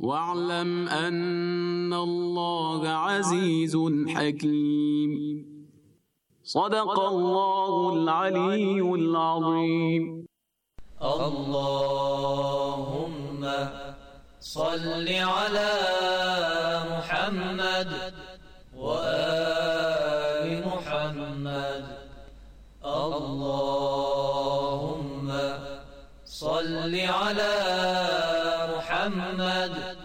واعلم أن الله عزيز حكيم صدق الله العلي العظيم اللهم صل على محمد وآل محمد اللهم صل على محمد محمد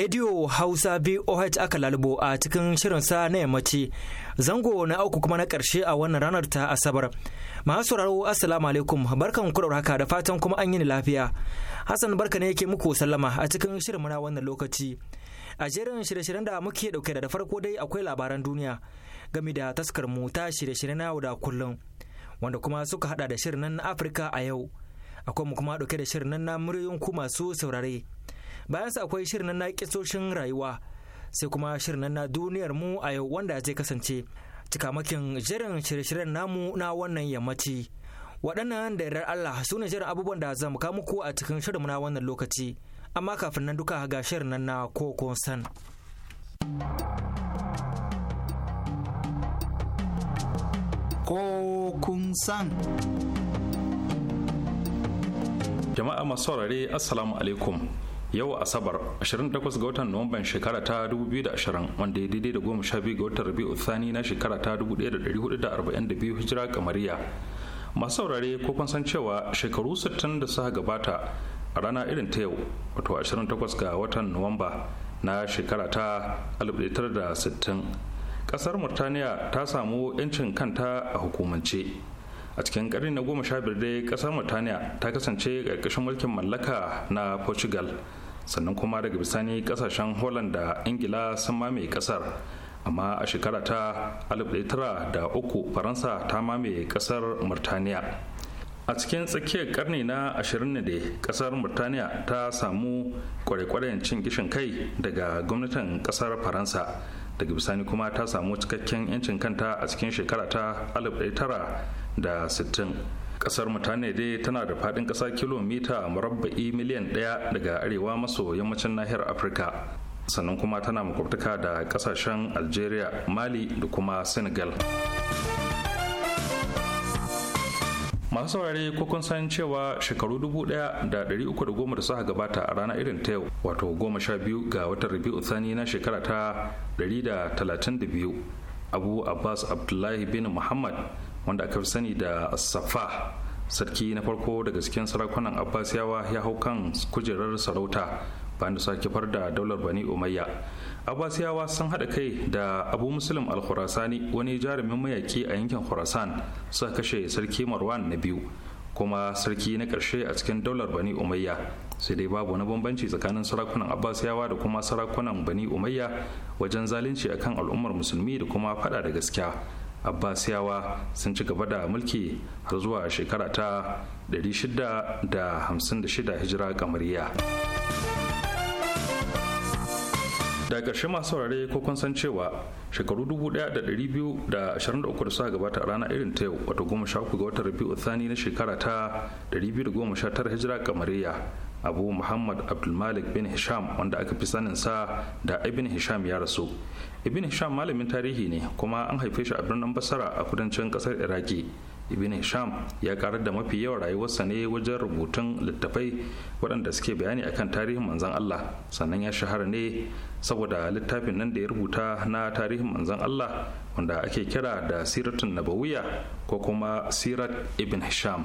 Radio Hausa BOH aka lalubo a cikin shirinsa na yammaci zango na auku kuma na karshe a wannan ranar ta Asabar. Masu sauraro Assalamu alaikum barkan kurar haka da fatan kuma an yi ni lafiya. Hassan barka ne yake muku sallama a cikin shirin na wannan lokaci. A jerin shirye-shiryen da muke dauke da farko dai akwai labaran duniya game da taskar mu ta shirye shiryen na yau da kullum wanda kuma suka hada da shirin na Afirka a yau. Akwai mu kuma dauke da shirin nan na muryoyin ku masu saurare. bayan sa akwai shirin na kisoshin rayuwa sai kuma shirin na duniyar mu a yau wanda zai kasance cikamakin jirin shirye-shiryen namu na wannan yammaci waɗannan da yarar Allah su ne jiran abubuwan da zamu ka muku a cikin shirin na wannan lokaci amma kafin nan duka ga shirin nan na koko san kokun san jama'a masu saurare assalamu alaikum yau asabar 28 ga watan nuwamban shekara ta 2020 wanda ya daidai da goma sha biyu ga watan rabi'u sani na shekara ta 1442 hijira kamariya masu saurare ko kun san cewa shekaru 60 da suka gabata a rana irin ta yau wato 28 ga watan nuwamba na shekara ta 1960 kasar murtaniya ta samu 'yancin kanta a hukumance a cikin karni na goma sha biyar dai kasar murtaniya ta kasance ƙarƙashin mulkin mallaka na portugal sannan kuma daga bisani kasashen holland da ingila sun mamaye kasar amma a shekara ta 1903 faransa ta mamaye kasar murtaniya a cikin tsakiyar karni na 21 da kasar murtaniya ta samu kware cin gishin kai daga gwamnatin kasar faransa daga bisani kuma ta samu cikakken 'yancin kanta a cikin shekara ta 1960 kasar mutane dai tana da faɗin ƙasa kilomita murabba'i miliyan ɗaya daga arewa maso yammacin nahiyar afirka sannan kuma tana makwabtaka da ƙasashen algeria mali da kuma senegal masu saurari ko kun san cewa shekaru dubu daya da goma da suka gabata a ranar irin ta yau wato goma sha biyu ga watan rabi'u sani na shekara ta ɗari da talatin da biyu abu abbas abdullahi bin muhammad wanda aka fi sani da safa sarki na farko daga cikin sarakunan abbasiyawa ya hau kan kujerar sarauta bayan da sake far da daular bani umayya abbasiyawa sun hada kai da abu muslim al wani jarumin mayaki a yankin khurasan suka kashe sarki marwan na biyu kuma sarki na karshe a cikin daular bani umayya sai dai babu wani bambanci tsakanin sarakunan abbasiyawa da kuma sarakunan bani umayya wajen zalunci akan al'ummar musulmi da kuma fada da gaskiya abbasiyawa sun ci gaba da mulki har zuwa shekara ta 656 hijira kamariya da ƙarshe masu saurare ko kun san cewa shekaru 1223 da suka gabata a rana irin ta yau wato goma sha uku ga watan rabi'u thani na shekara ta 219 hijira kamariya abu muhammad abdulmalik bin hisham wanda aka fi sanin sa da ibn hisham ya rasu ibn hisham malamin tarihi ne kuma an haife shi a birnin basara a kudancin kasar iraki ibn hisham ya karar da mafi yawan rayuwarsa ne wajen rubutun littafai waɗanda suke bayani akan tarihin manzon allah sannan ya shahara ne saboda littafin nan da ya rubuta na tarihin manzon allah wanda ake kira da siratun nabawiya ko kuma sirat ibn hisham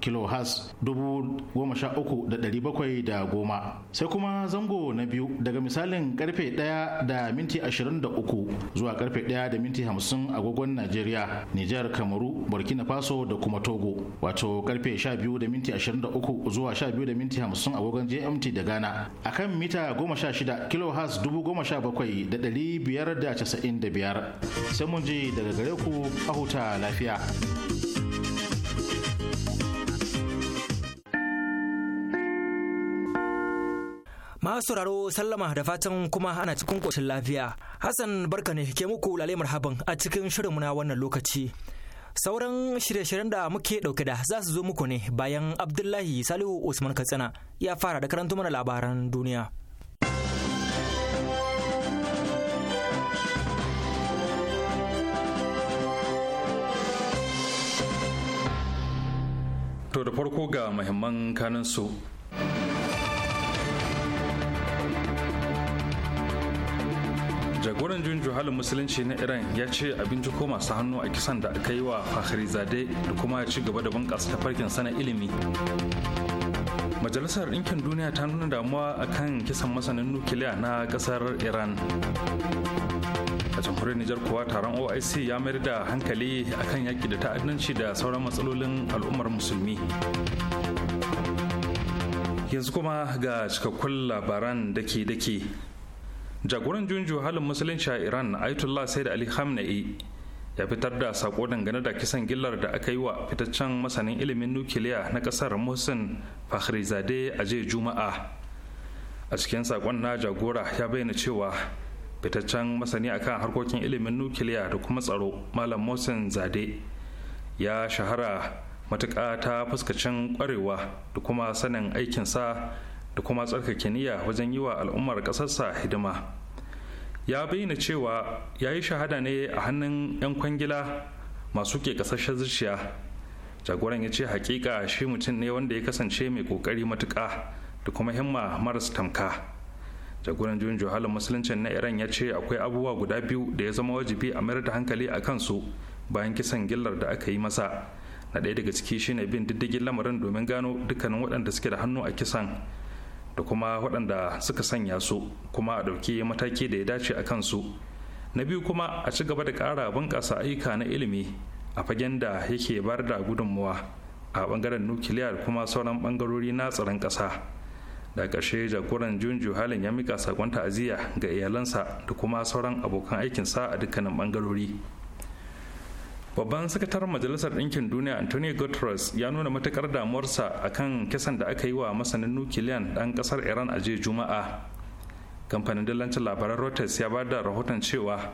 kilohertz dubu goma sha uku da ɗari bakwai da goma sai kuma zango na biyu daga misalin karfe ɗaya da minti ashirin da uku zuwa karfe ɗaya da minti hamsin agogon najeriya nijar kamaru burkina faso da kuma togo wato karfe sha biyu da minti ashirin da uku zuwa sha biyu da minti hamsin agogon gmt da ghana akan mita goma sha shida kilohertz dubu goma sha bakwai da ɗari biyar da casa'in da biyar sai mun ji daga gare ku a huta lafiya. Masu sauraro sallama da fatan kuma ana cikin ƙoshin lafiya. Hassan barka ne ke muku lale marhaban a cikin shirinmu na wannan lokaci. Sauran shirye-shiryen da muke ɗauke da za su zo muku ne bayan Abdullahi Salihu Usman Katsina ya fara da karanta mana labaran duniya. To da farko ga muhimman kanin jagoran juyin juhalin musulunci na iran ya ce abinci ko masu hannu a kisan da aka yi wa fakhrizade da kuma ya ci gaba da bunƙasa tafarkin sana ilimi majalisar ɗinkin duniya ta nuna damuwa akan kisan masanin nukiliya na ƙasar iran a jamhuriyar nijar kuwa taron oic ya mayar da hankali akan yaƙi da ta'addanci da sauran matsalolin al'ummar musulmi yanzu kuma ga cikakkun labaran dake-dake jagoran junju halin musulunci a iran ayatollah said ali khamenei ya fitar da sako dangane da kisan gillar da aka yi wa fitaccen masanin ilimin nukiliya na kasar muhsin fakhrizade a jiya juma'a a cikin sakon na jagora ya bayyana cewa fitaccen masani akan harkokin ilimin nukiliya da kuma tsaro malam muhsin zade ya shahara matuƙa ta fuskacin kwarewa da kuma sanin aikinsa da kuma tsarkake niyya wajen yi wa al'ummar ƙasarsa hidima ya bayyana cewa ya yi shahada ne a hannun 'yan kwangila masu ke ƙasashen zuciya jagoran ya ce hakika shi mutum ne wanda ya kasance mai ƙoƙari matuƙa da kuma himma maras tamka jagoran juyin johalin musuluncin na iran ya ce akwai abubuwa guda biyu da ya zama wajibi a mayar da hankali a kansu bayan kisan gillar da aka yi masa na ɗaya daga ciki shine bin diddigin lamarin domin gano dukkanin waɗanda suke da hannu a kisan da kuma waɗanda suka sanya su kuma a ɗauki mataki da ya dace a kansu na biyu kuma a ci gaba da ƙara bunƙasa ayyuka na ilimi a fagen da yake bayar da gudunmuwa a ɓangaren nukiliya da kuma sauran ɓangarori na tsaron ƙasa da ƙarshe jagoran junju halin ya mika sakon ta'aziyya ga iyalansa da kuma sauran abokan aikinsa a dukkanin ɓangarori babban sakatar majalisar ɗinkin duniya antonio guterres ya nuna matukar damuwarsa akan kisan da aka yi wa masanin nukiliyan ɗan ƙasar iran a jiya juma'a kamfanin dillancin labaran reuters ya bada rahoton cewa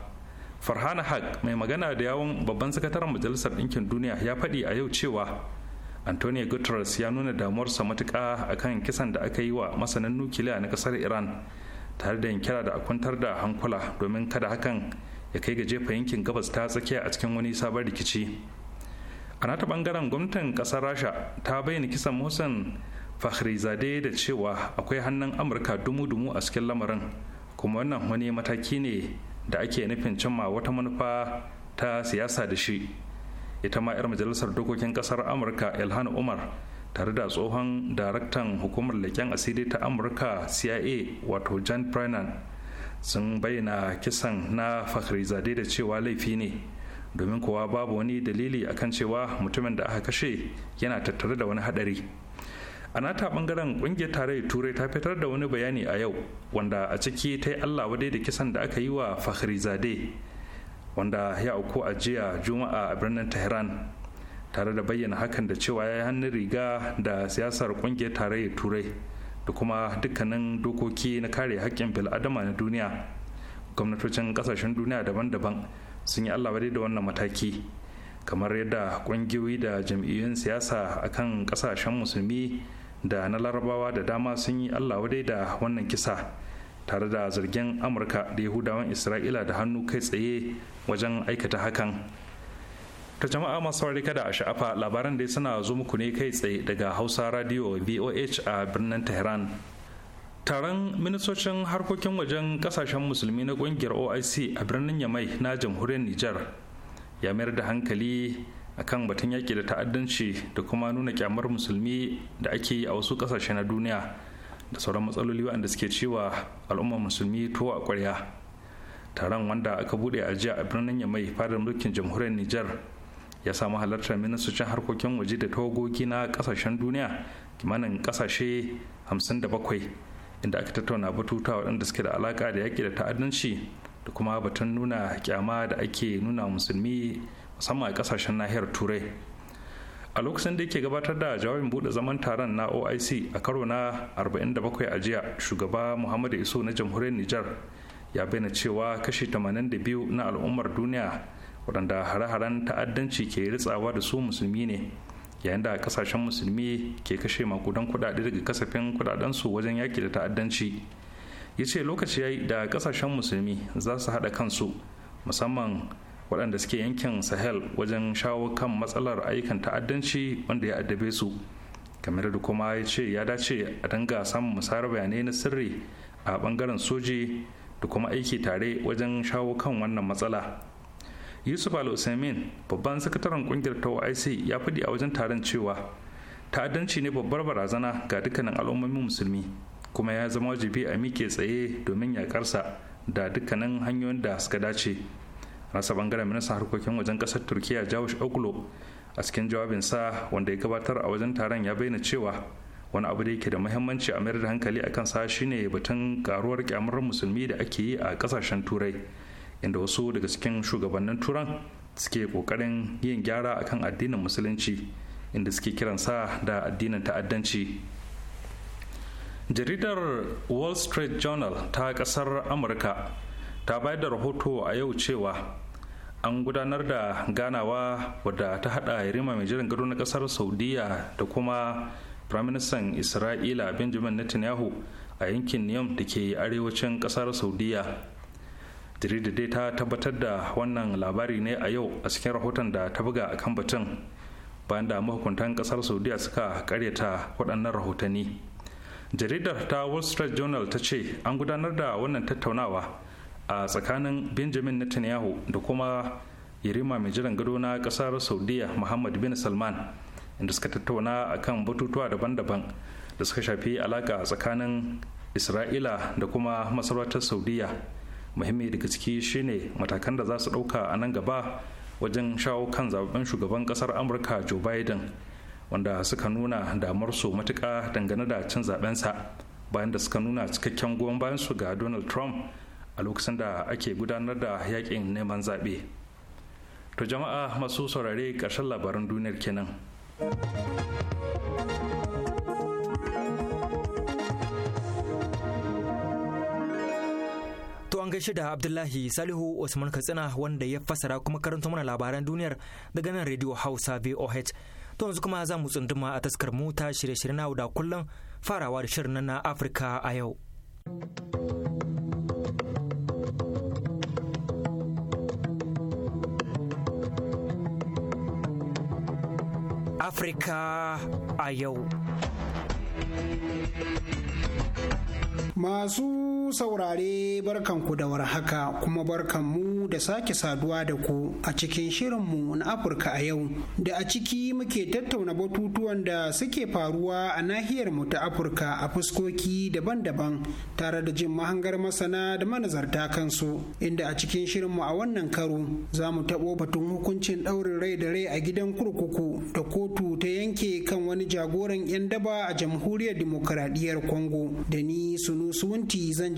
farhana haq mai magana da yawon babban sakataren majalisar ɗinkin duniya ya faɗi a yau cewa antonio guterres ya nuna damuwarsa matuƙa akan kisan da aka yi wa masanin nukiliya na ƙasar iran tare da yin kira da a kwantar da hankula domin kada hakan ya kai ga jefa yankin gabas ta tsakiya a cikin wani sabon rikici a nata bangaren gwamnatin kasar rasha ta bayyana kisan mohsen zade da cewa akwai hannun amurka dumu-dumu a cikin lamarin kuma wannan wani mataki ne da ake nufin cimma wata manufa ta siyasa da shi ita ma 'yar majalisar dokokin kasar amurka elhan umar tare da tsohon daraktan hukumar leƙen asiri ta amurka cia wato john brennan sun bayyana kisan na zade da cewa laifi ne domin kuwa babu wani dalili akan cewa mutumin da aka kashe yana tattare da wani hadari a nata bangaren kungiyar tarayyar turai ta fitar da wani bayani a yau wanda a ciki ta yi allah wadai da kisan da aka yi wa fahri-zade wanda ya auku a jiya juma'a a birnin tehran tare da bayyana hakan da cewa ya yi hannun riga da siyasar kungiyar tarayyar turai da kuma dukkanin dokoki na kare haƙƙin bil'adama na duniya gwamnatocin ƙasashen duniya daban-daban sun yi allah da wannan mataki kamar yadda ƙungiyoyi da jam'iyyun siyasa a kan ƙasashen musulmi da na larabawa da dama sun yi allah da wannan kisa tare da zargin amurka da yahudawan isra'ila da hannu kai tsaye wajen aikata hakan ta jama'a masu wari kada a sha'afa labaran da suna zo muku ne kai tsaye daga hausa radio voh a birnin tehran taron ministocin harkokin wajen kasashen musulmi na kungiyar oic a birnin yamai na jamhuriyar Nijar ya mayar da hankali a kan batun yaƙi da ta'addanci da kuma nuna kyamar musulmi da ake yi a wasu ƙasashe na duniya da sauran matsaloli waɗanda suke cewa al'ummar musulmi tuwo a ƙwarya taron wanda aka bude a jiya a birnin yamai fadar mulkin jamhuriyar Nijar. ya samu halartar ministocin harkokin waje da tawagogi na kasashen duniya kimanin kasashe 57 inda aka tattauna batuta waɗanda suke da alaka da yaƙi da ta'addanci da kuma batun nuna kyama da ake nuna musulmi musamman a kasashen nahiyar turai a lokacin da yake gabatar da jawabin bude zaman taron na oic a karo na 47 a jiya shugaba muhammadu iso na jamhuriyar niger ya bayyana cewa kashi 82 na al'ummar duniya waɗanda hare-haren ta'addanci ke ritsawa da su musulmi ne yayin da kasashen musulmi ke kashe makudan kudade daga kasafin kudadensu wajen yaki da ta'addanci ya ce lokaci yayi da kasashen musulmi za su haɗa kansu musamman waɗanda suke yankin sahel wajen shawo kan matsalar ayyukan ta'addanci wanda ya addabe su kamar da kuma ya ce ya dace a danga samun musayar bayanai na sirri a ɓangaren soji da kuma aiki tare wajen shawo kan wannan matsala yusuf al babban sakataren kungiyar ta oic ya faɗi a wajen taron cewa ta'addanci ne babbar barazana ga dukkanin al'ummomin musulmi kuma ya zama wajibi a mike tsaye domin yakarsa da dukkanin hanyoyin da suka dace rasa bangaren ministan harkokin wajen ƙasar turkiya jawush oglo a cikin jawabinsa wanda ya gabatar a wajen taron ya bayyana cewa wani abu da yake da muhimmanci a mayar da hankali a kansa shine batun karuwar kyamar musulmi da ake yi a kasashen turai inda wasu daga cikin shugabannin turan suke kokarin yin gyara a kan addinin musulunci inda suke kiransa da addinin ta'addanci jaridar wall street journal ta kasar amurka ta bayar da rahoto a yau cewa an gudanar da ganawa wadda ta hada yarima mai jiran gado na kasar saudiya da kuma firaministan isra'ila benjamin netanyahu a yankin niyam da ke arewacin kasar saudiya Jaridar dai ta tabbatar da wannan labari ne a yau a cikin rahoton da ta buga a kan batun bayan da mahukuntan kasar saudiya suka karyata waɗannan rahotanni jaridar ta wall street journal ta ce an gudanar da wannan tattaunawa a tsakanin benjamin netanyahu da kuma yarima mai jiran gado na kasar saudiya muhammad bin salman inda suka tattauna a kan batutuwa daban-daban da suka shafi alaka tsakanin isra'ila da kuma masarautar saudiya muhimmi daga ciki shine matakan da za su dauka a nan gaba wajen shawo kan zaben shugaban kasar amurka joe biden wanda suka nuna damar su matuka dangane da cin zaɓensa bayan da suka nuna cikakken goyon bayan su ga donald trump a lokacin da ake gudanar da yakin neman zaɓe to jama'a masu saurare ƙarshen labaran duniyar kenan To an gaishe da Abdullahi Salihu Usman Katsina wanda ya fassara kuma karanta mana labaran duniyar daga nan Radio Hausa VOH. To yanzu kuma za mu tsunduma a taskar mota shirye-shirye na da kullum farawa da shirin na Afirka a yau. Afirka a yau. Masu Ku saurare barkanku da warhaka kuma barkanmu da sake saduwa da ku a cikin shirinmu na Afirka a yau da a ciki muke tattauna batutuwan da suke faruwa a nahiyar mu ta Afirka a fuskoki daban-daban tare da jin mahangar masana da manazarta kansu inda a cikin shirinmu a wannan karo za mu taɓo batun hukuncin ɗaurin rai da rai a gidan kurkuku da kotu ta yanke kan wani jagoran 'yan daba a jamhuriyar dimokuraɗiyyar Congo da ni Sunusunti zan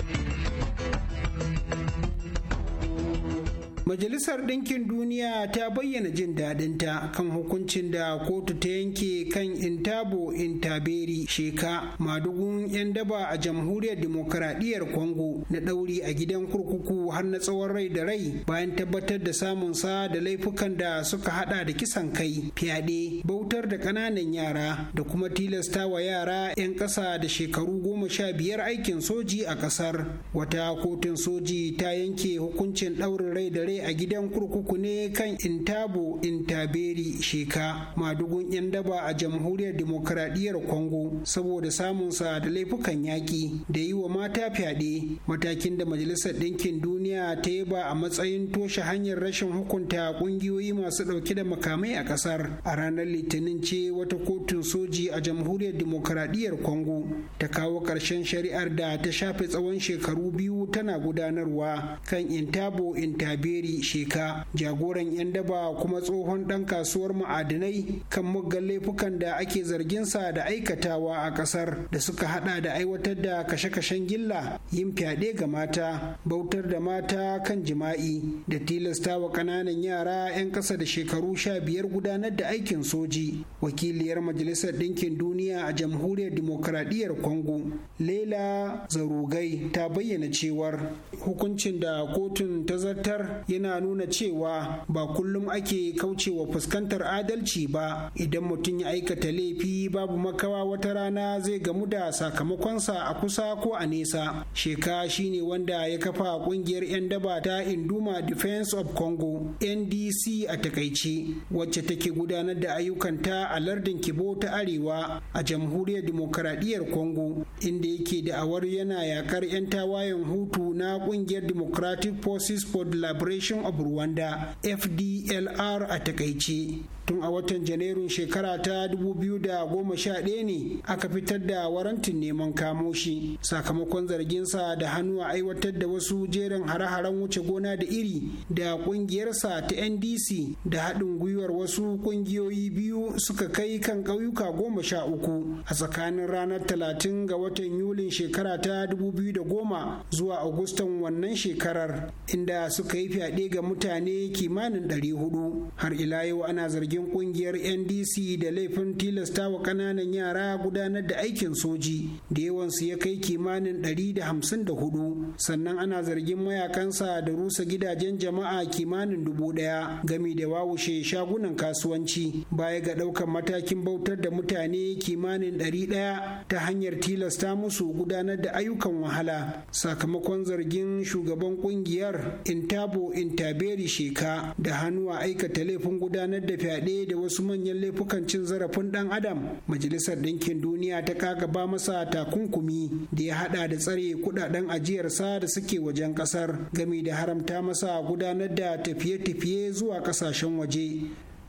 Majalisar Ɗinkin Duniya ta bayyana jin daɗinta kan hukuncin da kotu ta yanke kan Intabo Intaberi Sheka madugun 'yan daba a Jamhuriyar Dimokuraɗiyyar Congo na ɗauri a gidan kurkuku har na tsawon rai da rai bayan tabbatar da samun sa da laifukan da suka hada da kisan kai, fyaɗe, bautar da ƙananan yara da kuma tilasta wa yara 'yan ƙasa da shekaru goma sha biyar aikin soji a ƙasar. Wata kotun soji ta yanke hukuncin ɗaurin rai da rai tsare a gidan kurkuku ne kan intabo intaberi sheka madugun 'yan daba a jamhuriyar demokradiyyar congo saboda samunsa da laifukan yaƙi da yi wa mata fyaɗe matakin da majalisar ɗinkin duniya ta yaba a matsayin toshe hanyar rashin hukunta ƙungiyoyi masu ɗauke da makamai a ƙasar a ranar litinin ce wata kotun soji a jamhuriyar demokradiyyar congo ta kawo ƙarshen shari'ar da ta shafe tsawon shekaru biyu tana gudanarwa kan intabo intaberi Sheka jagoran 'yan daba kuma tsohon ɗan kasuwar ma'adinai kan muggan laifukan da ake zargin sa da aikatawa a ƙasar da suka hada da aiwatar da kashe-kashen gilla yin fyaɗe ga mata bautar da mata kan jima'i da tilasta wa ƙananan yara 'yan ƙasa da shekaru sha biyar gudanar da aikin soji wakiliyar majalisar ɗinkin duniya a jamhuriyar dimokuraɗiyyar congo leila zarugai ta bayyana cewar hukuncin da kotun ta zartar yana nuna cewa ba kullum ake kaucewa fuskantar adalci ba idan mutum ya aikata laifi babu makawa wata rana zai gamu da sakamakonsa a kusa ko a nesa sheka shine wanda ya kafa kungiyar 'yan daba ta induma defense of congo ndc a takaice wacce take gudanar da ayyukanta a lardin kibo ta arewa a jamhuriyar demokradiyyar congo inda yake da da'awar yana yakar 'yan tawayen hutu na kungiyar democratic forces for the Federation of Rwanda FDLR a takaice tun a watan janairun shekara ta 2011 ne aka fitar da warantin neman kamo shi sakamakon zarginsa da hannu a aiwatar da wasu jerin hare-haren wuce gona da iri da kungiyarsa ta ndc da haɗin gwiwar wasu kungiyoyi biyu suka kai kan ƙauyuka goma sha uku a tsakanin ranar talatin ga watan yulin shekara ta 2010 zuwa agustan wannan shekarar inda suka yi fyaɗe ga mutane kimanin 400 har ila yau ana zargin zargin kungiyar ndc da laifin tilasta wa kananan yara gudanar da aikin soji da yawansu ya kai kimanin 154 sannan ana zargin mayakansa da rusa gidajen jama'a kimanin dubu daya gami da wawushe shagunan kasuwanci baya ga ɗaukar matakin bautar da mutane kimanin 100 ta hanyar tilasta musu gudanar da ayyukan wahala sakamakon zargin shugaban kungiyar intabo intaberi sheka da hannu a aikata laifin gudanar da fyaɗe fyaɗe da wasu manyan laifukan cin zarafin ɗan adam majalisar ɗinkin duniya ta kagaba masa takunkumi da ya haɗa da tsare kuɗaɗen ajiyarsa da suke wajen ƙasar gami da haramta masa gudanar da tafiye-tafiye zuwa ƙasashen waje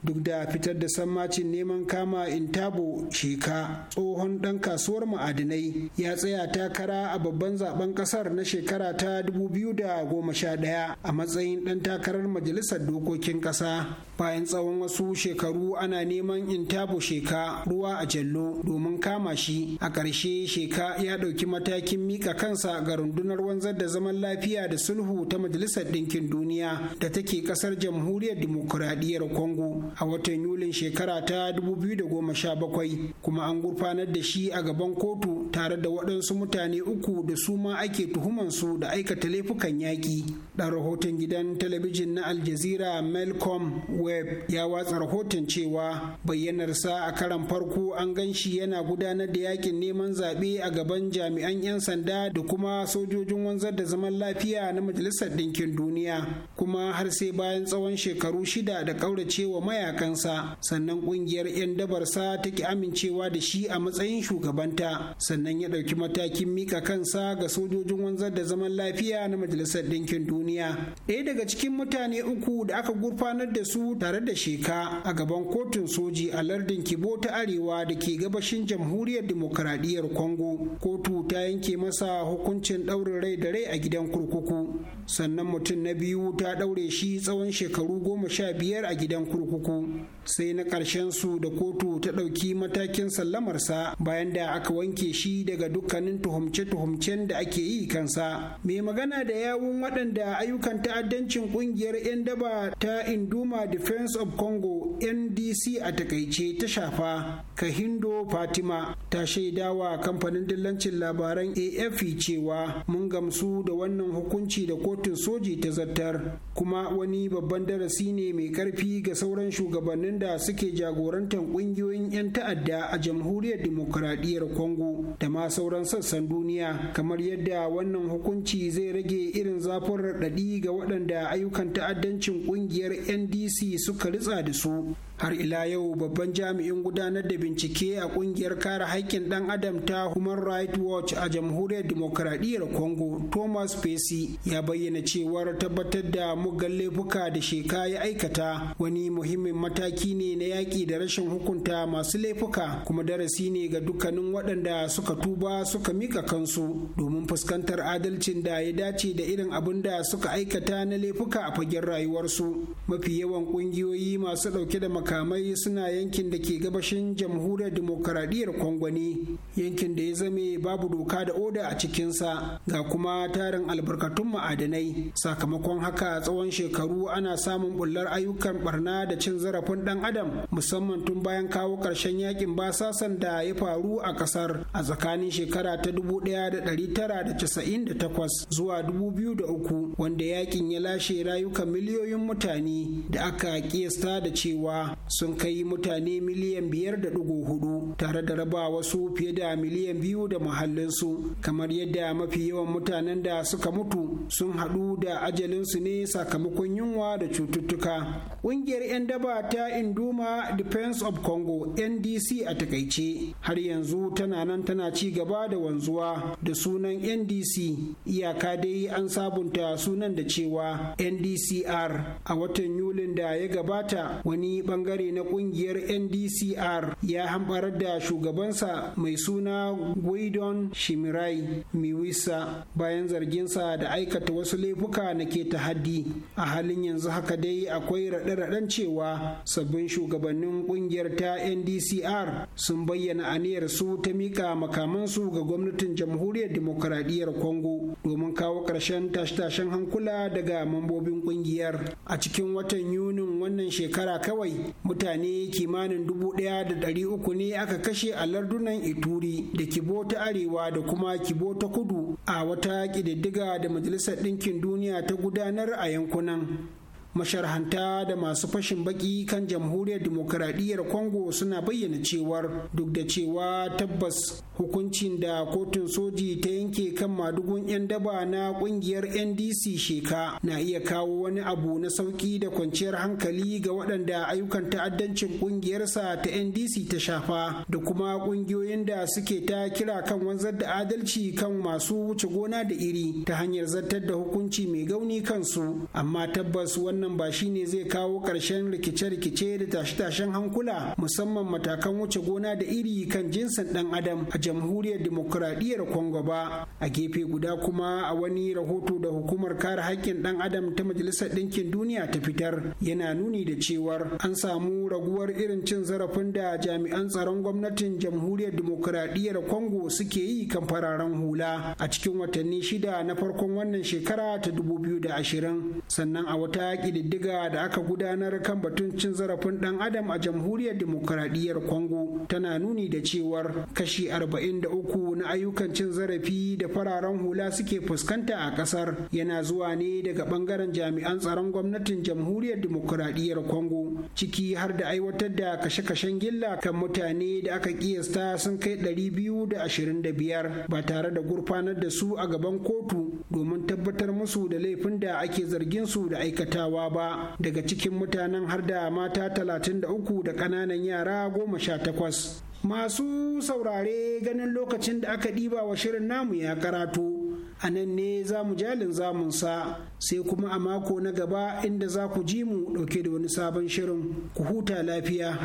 duk da fitar da sammacin neman kama intabo sheka tsohon dan kasuwar ma'adinai ya tsaya takara a babban zaben kasar na shekara ta 2011 a matsayin dan takarar majalisar dokokin kasa bayan tsawon wasu shekaru ana neman intabo sheka ruwa a jallo domin kama shi a ƙarshe sheka ya ɗauki matakin mika kansa ga rundunar wanzar da zaman lafiya da sulhu ta majalisar ɗinkin duniya da take ƙasar jamhuriyar dimokuraɗiyyar congo a watan Yulin shekara ta 2017 kuma an gurfanar da shi a gaban kotu tare da waɗansu mutane uku da su ma ake tuhumansu da aikata laifukan yaƙi. Ɗan rahoton gidan talabijin na Al Jazeera Malcolm Webb ya watsa rahoton cewa bayyanarsa a karan farko an gan shi yana gudanar da yakin neman zaɓe a gaban jami'an 'yan sanda da kuma sojojin wanzar da zaman lafiya na Majalisar Ɗinkin Duniya kuma har sai bayan tsawon shekaru shida da ƙauracewa maya mayakansa sannan kungiyar 'yan dabarsa ta ki amincewa da shi a matsayin shugabanta sannan ya ɗauki matakin mika kansa ga sojojin wanzar da zaman lafiya na majalisar ɗinkin duniya ɗaya daga cikin mutane uku da aka gurfanar da su tare da sheka a gaban kotun soji a lardin kibo ta arewa da ke gabashin jamhuriyar dimokuraɗiyyar congo kotu ta yanke masa hukuncin ɗaurin rai da rai a gidan kurkuku sannan mutum na biyu ta ɗaure shi tsawon shekaru goma sha biyar a gidan kurkuku uku sai na ƙarshen su da kotu ta ɗauki matakin sallamarsa bayan da aka wanke shi daga dukkanin tuhumce-tuhumcen da ake yi kansa mai magana da yawun waɗanda ayyukan ta'addancin ƙungiyar 'yan daba ta induma defense of congo ndc a takaice ta shafa kahindo fatima ta shaidawa kamfanin dillancin labaran af cewa mun gamsu da wannan hukunci da kotun soji ta zartar kuma wani babban darasi ne mai karfi ga sauran shugabannin da suke jagorantar ƙungiyoyin 'yan ta'adda a jamhuriyar demokuraɗiyyar Congo da ma sauran sassan duniya kamar yadda wannan hukunci zai rage irin zafin raɗaɗi ga waɗanda ayyukan ta'addancin ƙungiyar NDC suka ritsa da su. har ila yau babban jami'in gudanar da bincike a kungiyar kare haƙƙin dan adam ta human rights watch a jamhuriyar demokradiyyar congo thomas pesi ya bayyana cewar tabbatar da mugan laifuka da sheka ya aikata wani muhimmin mataki ne na yaƙi da rashin hukunta masu laifuka kuma darasi ne ga dukkanin waɗanda suka tuba suka mika kansu domin fuskantar adalcin da ya dace da irin abin da suka aikata na laifuka a fagen rayuwarsu mafi yawan ƙungiyoyi masu ɗauke da makamai suna yankin da ke gabashin jamhuriyar demokaradiyyar Kongo yankin da ya zame babu doka da oda a cikinsa ga kuma tarin albarkatun ma'adanai. Sakamakon haka tsawon shekaru ana samun bullar ayyukan barna da cin zarafin ɗan adam musamman tun bayan kawo ƙarshen yakin basasan da ya faru a ƙasar a tsakanin shekara ta 1998 zuwa 2003 wanda yakin ya lashe rayukan miliyoyin mutane da aka kiyasta da cewa sun kai mutane miliyan biyar da ɗigo hudu tare da raba wasu fiye da miliyan biyu da muhallinsu kamar yadda mafi yawan mutanen da suka mutu sun haɗu da ajalinsu ne sakamakon yunwa da cututtuka ƙungiyar 'yan daba ta induma defense of congo ndc a takaice har yanzu tana nan tana ci gaba da wanzuwa da sunan ndc iyaka dai an sabunta sunan da cewa ndcr a watan yulin da ya gabata wani bangare bangare na kungiyar ndcr ya hambarar da shugabansa mai suna guidon shimirai miwisa bayan zarginsa da aikata wasu laifuka na ke ta haddi, a halin yanzu haka dai akwai raɗe-raɗen cewa sabbin shugabannin kungiyar ta ndcr sun bayyana aniyar su ta mika makamansu ga gwamnatin jamhuriyar demokuraɗiyyar congo domin kawo ƙarshen tashe-tashen hankula daga mambobin kungiyar a cikin watan yunin wannan shekara kawai mutane kimanin dubu ɗaya da ɗari uku ne aka kashe a lardunan ituri da kibo ta arewa da kuma kibo ta kudu a wata ƙididdiga da majalisar ɗinkin duniya ta gudanar a yankunan masharhanta da masu fashin baki kan jamhuriyar demokuraɗiyyar congo suna bayyana cewar duk da cewa tabbas hukuncin da kotun soji ta yanke kan madugun 'yan daba na kungiyar ndc sheka na iya kawo wani abu na sauki da kwanciyar hankali ga waɗanda ayyukan ta'addancin kungiyarsa ta ndc ta shafa da kuma kungiyoyin da suke ta kira kan wanzar da adalci kan masu wuce gona da iri ta hanyar zartar da hukunci mai gauni kansu amma tabbas wannan wannan ba shi ne zai kawo ƙarshen rikice-rikice da tashe-tashen hankula musamman matakan wuce gona da iri kan jinsin ɗan adam a jamhuriyar demokuraɗiyyar Kongo ba. A gefe guda kuma a wani rahoto da hukumar kare haƙƙin ɗan adam ta Majalisar Ɗinkin Duniya ta fitar yana nuni da cewar an samu raguwar irin cin zarafin da jami'an tsaron gwamnatin jamhuriyar demokuraɗiyyar Kongo suke yi kan fararen hula a cikin watanni shida na farkon wannan shekara ta da ashirin sannan a wata ƙididdiga da aka gudanar kan batun cin zarafin ɗan adam a jamhuriyar dimokuraɗiyyar kwango tana nuni da cewar kashi 43 na ayyukan cin zarafi da fararen hula suke fuskanta a ƙasar yana zuwa ne daga ɓangaren jami'an tsaron gwamnatin jamhuriyar dimokuraɗiyyar Kongo. ciki har da aiwatar da kashe-kashen gilla kan mutane da aka kiyasta sun kai biyar, ba tare da gurfanar da su a gaban kotu domin tabbatar musu da laifin da ake zargin su da aikatawa larabawa ba daga cikin mutanen har da mata 33 da ƙananan yara 18 masu saurare ganin lokacin da aka ɗiba wa shirin namu ya karatu a nan ne za mu jalin zamunsa sai kuma a mako na gaba inda za ku ji mu ɗauke da wani sabon shirin ku huta lafiya.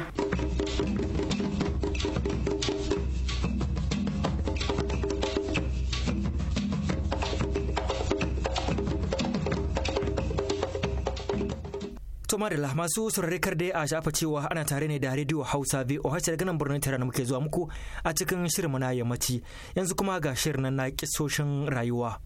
To da masu saurare kar dai a shafa cewa ana tare ne da radio Hausa VOH daga nan birnin da muke zuwa muku a cikin shirin na yammaci yanzu kuma ga shirin na kisoshin rayuwa.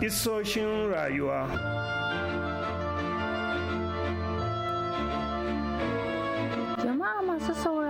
Kisoshin rayuwa Jama'a masu saurare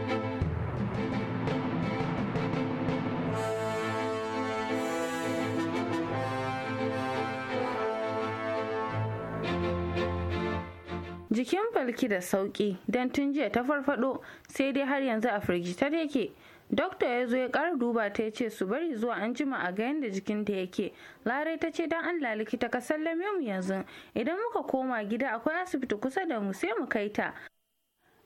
jikin falki da sauki don tun jiya ta farfado sai dai har yanzu a firgita yake dokta ya zo ya kara duba ta ce su bari zuwa an jima a ga yadda jikinta yake larai ta ce don allah likita ka sallame mu yanzu idan muka koma gida akwai asibiti kusa da mu sai mu kai ta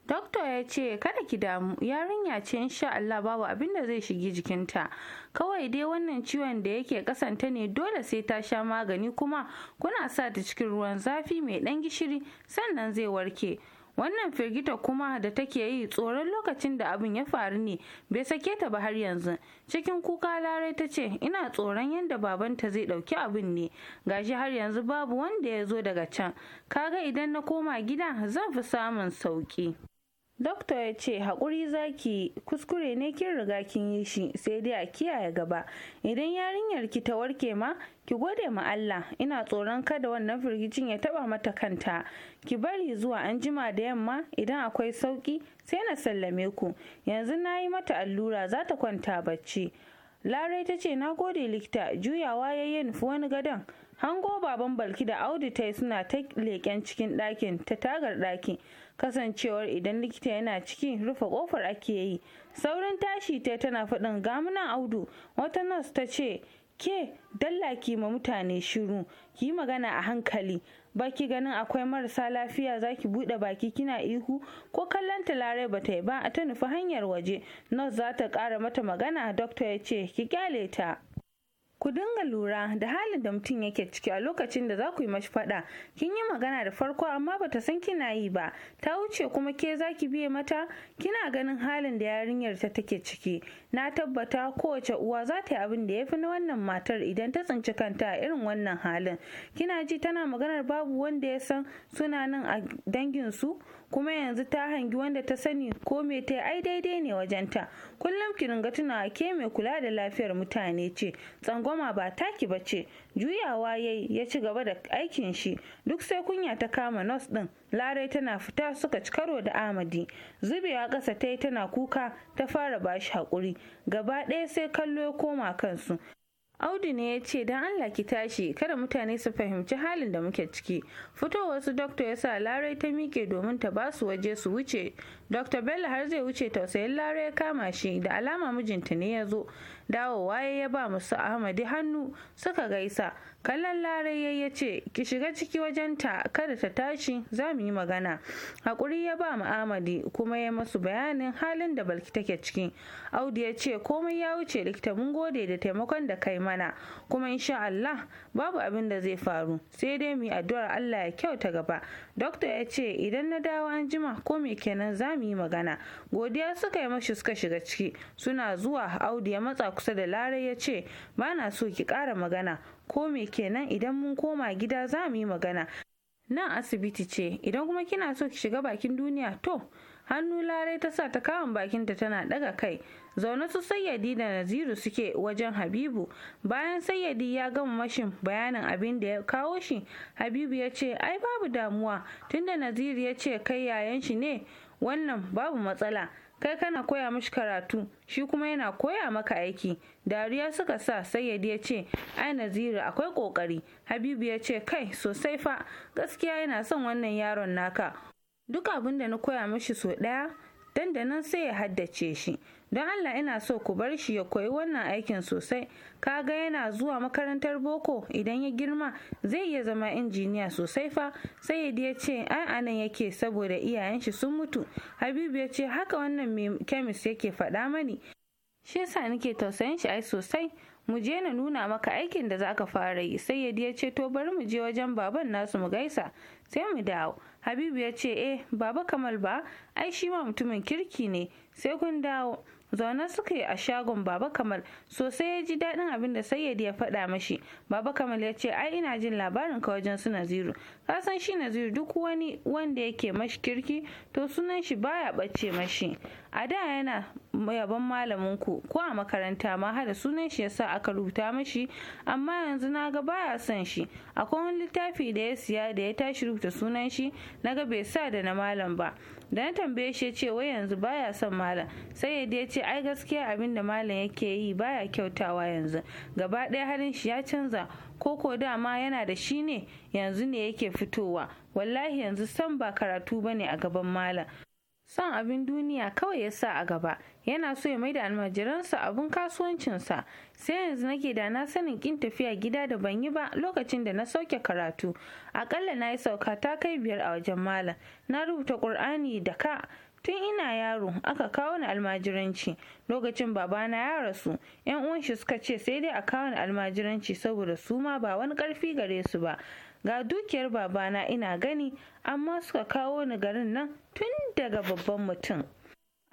Dokta ya ce kada ki damu yarinya ce insha Allah babu abin da zai shige jikinta kawai dai wannan ciwon da yake kasanta ne dole sai ta sha magani kuma kuna sa ta cikin ruwan zafi mai ɗan gishiri sannan zai warke wannan firgita kuma da take yi tsoron lokacin da abin ya faru ne bai sake ta ba har yanzu cikin kuka larai ta ce ina tsoron yadda babanta zai ɗauki abin ne gashi har yanzu babu wanda ya zo daga can kaga idan na koma gida zan fi samun sauƙi. Dokta ya ce haƙuri zaki kuskure ne kin riga kin yi shi sai dai a kiyaye gaba idan yarinyar ki ta warke ma ki gode ma Allah ina tsoron kada wannan firgicin ya taba mata kanta ki bari zuwa anjima da yamma idan akwai sauki sai na sallame ku yanzu na yi mata allura za ta kwanta bacci larai ta ce na gode likita juyawa ya yi nufi wani gadon hango baban balki da audi ta suna ta leƙen cikin ɗakin ta tagar ɗakin kasancewar idan likita yana ciki rufe kofar ake yi saurin tashi ta tana faɗin gamunan audu wata nurse ta ce ke dalla ki ma mutane shiru ki magana a hankali ba ki ganin akwai marasa lafiya za ki bude baki kina ihu ko kallon larai ta yi ba a ta nufi hanyar waje nurse za ta kara mata magana doctor ya ce ki kyale ta ku dinga lura da halin da mutum yake ciki a lokacin da za ku yi mashi faɗa kin yi magana da farko amma ba ta san kina yi ba ta wuce kuma ke za ki biye mata kina ganin halin da yarinyar ta take ciki na tabbata kowace uwa za ta yi abin da ya fi na wannan matar idan ta tsinci kanta a irin wannan halin kina ji tana maganar babu wanda ya san suna nan a dangin su kuma yanzu ta hangi wanda ta sani ko me ta ai daidai ne wajen ta. kullum ki ringa tunawa ke mai kula da lafiyar mutane ce tsangwama ba taki ba ce juyawa yayi ya ci gaba da aikin shi duk sai kunya ta kama nos din larai tana fita suka ci karo da amadi zubewa ƙasa ta yi tana kuka ta fara bashi haƙuri gaba ɗaya sai kallo ya koma kansu audu ne ya ce don allah ki tashi kada mutane su fahimci halin da muke ciki fitowar su dokta ya sa larai ta miƙe domin ta basu waje su wuce Dr bello har zai wuce tausayin larai ya kama shi da alama mijinta ne ya zo dawowa ya ba musu ahmadi hannu suka gaisa kallon larai ya ce ki shiga ciki wajenta kada ta tashi za mu yi magana hakuri ya ba mu amadi kuma ya masu bayanin halin da balki take ciki audu ya ce komai ya wuce likita mun gode da taimakon da kai mana kuma insha Allah babu abin da zai faru sai dai mu yi addu'ar Allah ya kyauta gaba dokta ya ce idan na dawo an jima ko me kenan za mu yi magana godiya suka yi mashi suka shiga ciki suna zuwa audu ya matsa kusa da larai ya ce ba so ki kara magana ko me kenan idan mun koma gida za mu yi magana nan asibiti ce idan kuma kina so ki shiga bakin duniya to hannu larai ta sa ta kawon bakinta tana daga kai zaune su sayyadi da naziru suke wajen habibu bayan sayyadi ya gama mashin bayanin abin da ya kawo shi habibu ya ce ai babu damuwa tunda naziru ya ce kai yayan shi ne wannan babu matsala kai kana koya mishi karatu shi kuma yana koya maka aiki dariya suka sa sayyadi ya ce ai naziru akwai kokari habibu ya ce kai sosai fa gaskiya yana son wannan yaron naka duk abin da na koya mishi so ɗaya dandanan sai ya haddace shi don allah ina so ku bar shi ya koyi wannan aikin sosai Ka ga yana zuwa makarantar boko idan ya girma zai iya zama injiniya sosai fa sai ya ce ai anan yake saboda iyayen shi sun mutu habibu ya ce haka wannan mai kemis yake faɗa mani shi yasa nake tausayin shi ai sosai mu je na nuna maka aikin da za ka fara yi sai ya ya ce to bari mu je wajen baban nasu mu gaisa sai mu dawo habibu ya ce eh baba kamal ba ai shi ma mutumin kirki ne sai kun dawo zaune suka yi a shagon baba kamal sosai ya ji daɗin abin da sayyadi ya faɗa mashi baba kamal ya ce ai ina jin labarin ka wajen su naziru ka san shi naziru duk wani wanda yake mashi kirki to sunan shi baya ɓace mashi a da yana yaban malamin ku ko a makaranta ma hada sunan shi yasa aka rubuta mashi amma yanzu na ga baya son shi akwai wani littafi da ya siya da ya tashi rubuta sunan shi na ga bai sa da na malam ba da na tambaye shi ce wai yanzu baya son malam sai ya dai ce ai gaskiya abin da malam yake yi baya kyautawa yanzu gaba ɗaya halin shi ya canza ko ko dama yana da shi ne yanzu ne yake fitowa wallahi yanzu san ba karatu bane a gaban malam San abin duniya kawai ya sa a gaba yana so ya maida almajiransa abin kasuwancinsa sai yanzu nake da na sanin kin tafiya gida da ban yi ba lokacin da na sauke karatu akalla na yi sauka ta kai biyar a wajen malam na rubuta qur'ani da ka tun ina yaro aka kawo ni almajiranci lokacin babana ya rasu yan uwan shi suka ce sai dai a kawo ni almajiranci saboda su ma ba wani karfi gare su ba ga dukiyar babana ina gani amma suka kawo ni garin nan tun daga babban mutum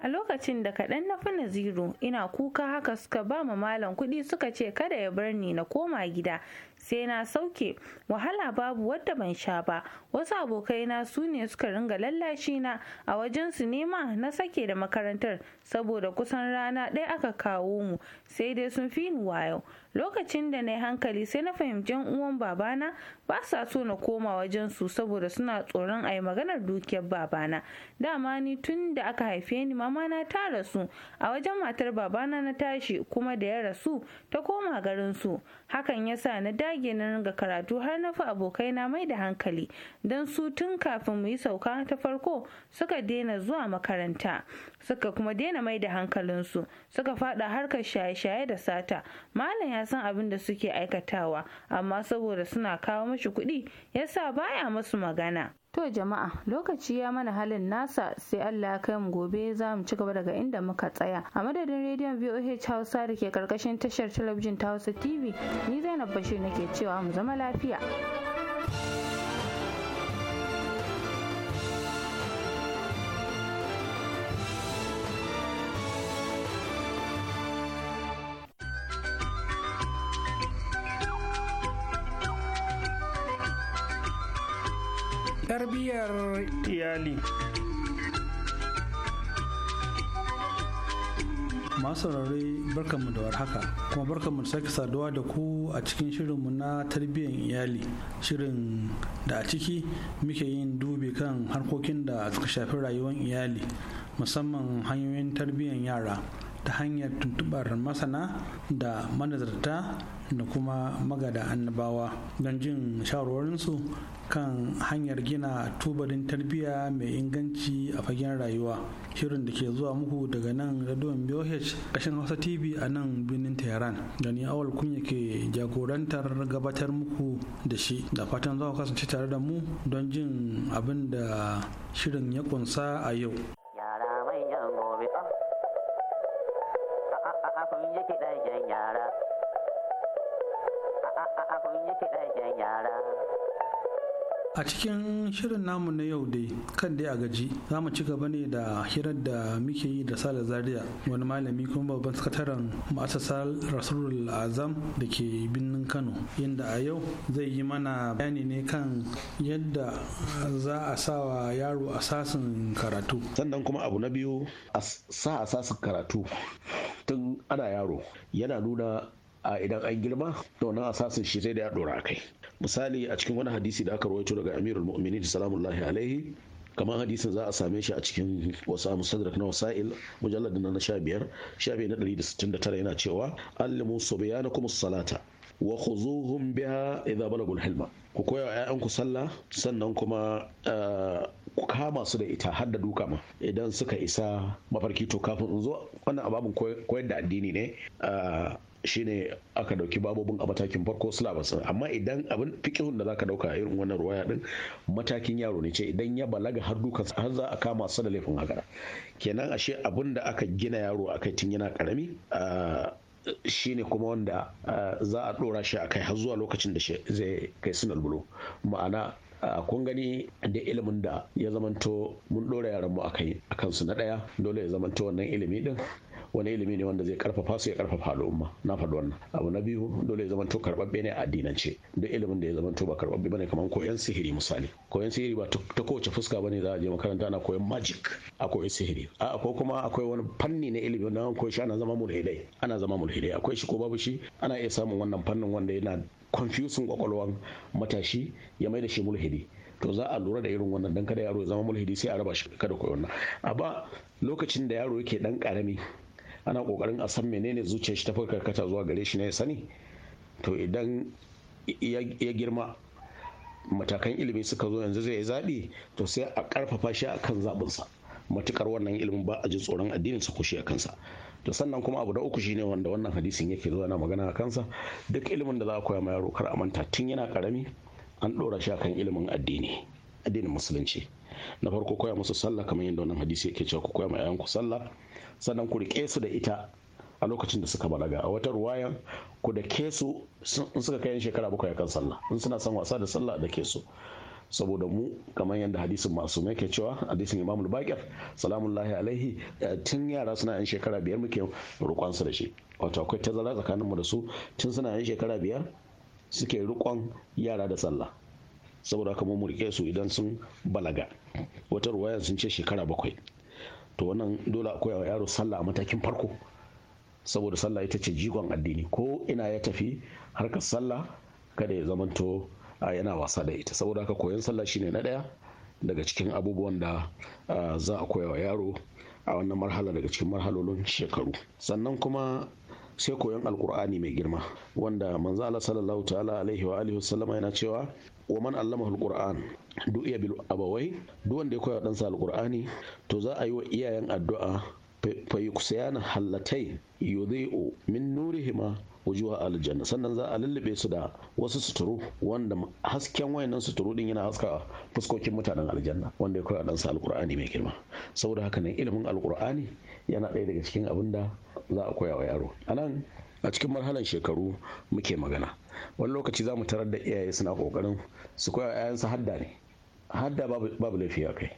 a lokacin da kaɗan na fi naziru ina kuka haka suka ba ma malam kuɗi suka ce kada ya bar ni na koma gida sai na sauke wahala babu wadda ban sha ba wasu abokaina su ne suka ringa lallashi na a wajen su nema na sake da makarantar saboda kusan rana ɗaya aka kawo mu sai dai sun fi ni wayo lokacin da na hankali sai na fahimci uwan babana ba sa so na koma wajen su saboda suna tsoron a yi maganar dukiyar babana dama ni tun da aka haife ni mama na ta rasu a wajen matar babana na tashi kuma da ya rasu ta koma garin su hakan ya sa na dage na ringa karatu har na fi abokaina mai da hankali don su tun kafin mu yi sauka ta farko suka daina zuwa makaranta suka kuma daina mai da hankalinsu suka fada harkar shaye-shaye da sata malam ya san abin da suke aikatawa amma saboda suna kawo mashi kuɗi sa baya musu magana To jama'a lokaci ya mana halin nasa sai Allah ya kai mu gobe za mu ci gaba daga inda muka tsaya. A madadin rediyon VOH Hausa da ke karkashin tashar talabijin ta Hausa TV ni Zainab Bashir nake cewa mu zama lafiya. tarbiyyar iyali masu saurare barkanmu da warhaka kuma barkanmu da sake saduwa da ku a cikin shirinmu na tarbiyyar iyali shirin da a ciki muke yin dubi kan harkokin da suka shafi rayuwar iyali musamman hanyoyin tarbiyyar yara ta hanyar tuntubar masana da manazarta da kuma magada annabawa don jin shawarwarinsu kan hanyar gina tubalin tarbiyya mai inganci a fagen rayuwa shirin da ke zuwa muku daga nan radon boh kashin hausa tv a nan birnin tehran da ni awal kunya ke jagorantar gabatar muku da shi da fatan za ku kasance tare da mu don jin abin da shirin ya kunsa a yau kafin a cikin shirin namu na yau dai kan dai a gaji za mu ci gaba ne da hirar da muke yi da sale zaria wani malami kuma babban sakataren ma'asasar rasulul azam da ke birnin kano inda a yau zai yi mana bayani ne kan yadda za a sa wa yaro asasin karatu sannan kuma abu na biyu a sa asasin karatu tun ana yaro yana nuna a idan an girma to wannan asasin shi sai da ya dora kai misali a cikin wani hadisi da aka rawaito daga amirul mu'minin sallallahu alaihi kamar hadisin za a same shi a cikin wasu musadrak na wasa'il mujalladin na sha biyar na ɗari yana cewa allimu subyanakum kuma salata wa khuzuhum biha idza balagul hilma ku koya wa ƴaƴanku sallah sannan kuma eh, ku kama su da ita har da duka ma idan suka isa mafarki to kafin in zo wannan ababin koyar da addini ne ah, shine aka dauki babobin a matakin farko silabus amma idan abin fikihun da zaka dauka irin wannan ruwaya din matakin yaro ne ce idan ya balaga har dukan har za a kama su da laifin haka kenan ashe abin da aka gina yaro akai tun yana karami shine kuma wanda za a dora shi a kai har zuwa lokacin da zai kai sunan bulo ma'ana kun gani da ilimin da ya zamanto mun dora mu a kan su na daya dole ya zamanto wannan ilimi din wani ilimi ne wanda zai karfafa su ya karfafa al'umma na faɗi wannan abu na biyu dole ya zama to karɓaɓɓe ne a addinance duk ilimin da ya zama to ba karɓaɓɓe bane kamar koyon sihiri misali koyon sihiri ba ta kowace fuska bane za a je makaranta ana koyon magic a koyon sihiri a ko kuma akwai wani fanni na ilimi wanda an koyi shi ana zama mulhidai ana zama mulhidai akwai shi ko babu shi ana iya samun wannan fannin wanda yana confusing kwakwalwan matashi ya mai da shi mulhidi to za a lura da irin wannan dan kada yaro ya zama mulhidi sai a raba shi kada koyon nan. a ba lokacin da yaro yake dan karami ana kokarin a san menene zuciyar shi ta fi karkata zuwa gare shi ne ya sani to idan ya girma matakan ilimi suka zo yanzu zai yi zaɓi to sai a ƙarfafa shi a kan zaɓinsa matuƙar wannan ilimin ba a ji tsoron addinin sa kushe a kansa to sannan kuma abu da uku shine wanda wannan hadisin yake zuwa na magana a kansa duk ilimin da za a koya ma yaro kar a manta tun yana karami an ɗora shi a kan ilimin addini addinin musulunci na farko koya musu sallah kamar yadda wannan hadisi yake cewa ku koya ma 'ya'yanku sallah sannan ku riƙe su da ita a lokacin da suka balaga a wata ruwayan ku da ke su in suka kai shekara bakwai kan sallah in suna son wasa da sallah da ke su saboda mu kamar yadda hadisin masu mai ke cewa hadisin imamul bakir salamun lahi alaihi eh, tun yara suna yan shekara biyar muke su da shi wato akwai tazara tsakanin mu da su tun suna yan shekara biyar suke rukon yara da sallah saboda haka mu riƙe su idan sun balaga wata ruwayan sun ce shekara bakwai to wannan dole a koya wa yaro sallah a matakin farko saboda sallah ita ce jigon addini ko ina ya tafi harkar sallah kada ya zamanto yana wasa da ita saboda haka koyon sallah shine na ɗaya daga cikin abubuwan da za a koya wa yaro a wannan marhala daga cikin marhalolin shekaru sannan kuma sai koyon alkur'ani mai girma wanda manzo Allah sallallahu ta'ala alaihi wa alihi wasallama yana cewa wa man allama alqur'an duk iya bil abawai duk wanda ya koya dan sa alqur'ani to za a yi wa iyayen addu'a fa yuksiyana hallatai yudhi'u min nurihima wujuha aljanna sannan za a lullube su da wasu suturu wanda hasken wayannan suturu din yana haska fuskokin mutanen aljanna wanda ya koya sa alqur'ani mai girma saboda haka nan ilimin alkur'ani yana ɗaya daga cikin abin da za a koya wa yaro anan a cikin marhalan shekaru muke magana wani lokaci za mu tarar da iyaye suna kokarin su koya 'ya'yansu hadda ne hadda babu laifi a kai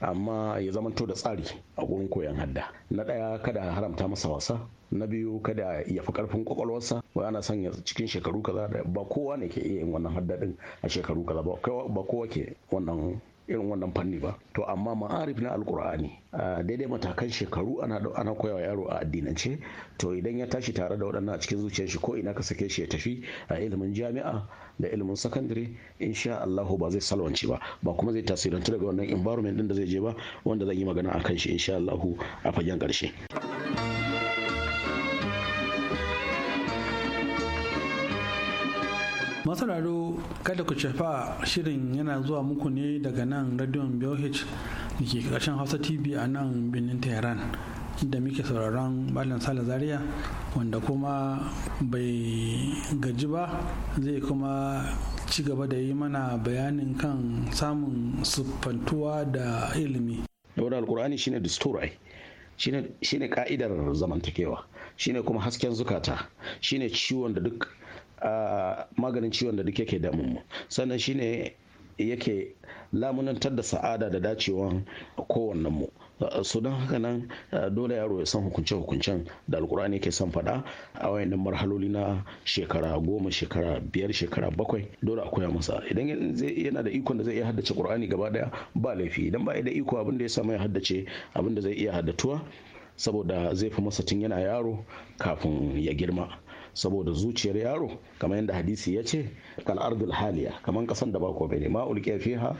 amma ya zamanto da tsari a gurin koyon hadda na ɗaya kada haramta masa wasa na biyu kada ya fi karfin kwakwalwarsa ba ana son cikin shekaru kaza ba kowa ne ke iya yin wannan hadda din a shekaru kaza ba kowa ke wannan irin wannan fanni ba to amma ma'arif na alkur'ani daidai matakan shekaru ana ana koyawa yaro a addinance to idan ya tashi tare da waɗannan a cikin zuciyar shi ko ina ka sake shi ya tafi a ilimin jami'a da ilimin sakandare insha Allah ba zai salwanci ba ba kuma zai tasirantu daga wannan environment din da zai je ba wanda zan yi magana akan shi insha Allah a fagen ƙarshe. masararo kada ku shafa shirin yana zuwa muku ne daga nan radion BOH da ke ƙarshen Hausa TV a nan birnin Tehran da muke sauraron Malam Sale Zaria wanda kuma bai gaji ba zai kuma ci gaba da yi mana bayanin kan samun siffantuwa da ilimi. Dauda Alkur'ani shine distoro Shine ka'idar zamantakewa, shine kuma hasken zukata, shine ciwon da duk maganin ciwon da duk yake damun mu sannan shine yake lamunantar da sa'ada da dacewan kowannen mu su don haka nan dole yaro ya san hukunce-hukuncen da alkur'ani ke son faɗa a wayannan marhaloli na shekara goma shekara biyar shekara bakwai dole a koya masa idan yana da ikon da zai iya haddace qur'ani gaba daya ba laifi idan ba da iko abin da ya samu ya haddace abin da zai iya haddatuwa saboda zai fi masa tun yana yaro kafin ya girma saboda zuciyar yaro kamar yadda hadisi ya ce kal ardul haliya kamar kasan da ba bai ne ma ulqiya fiha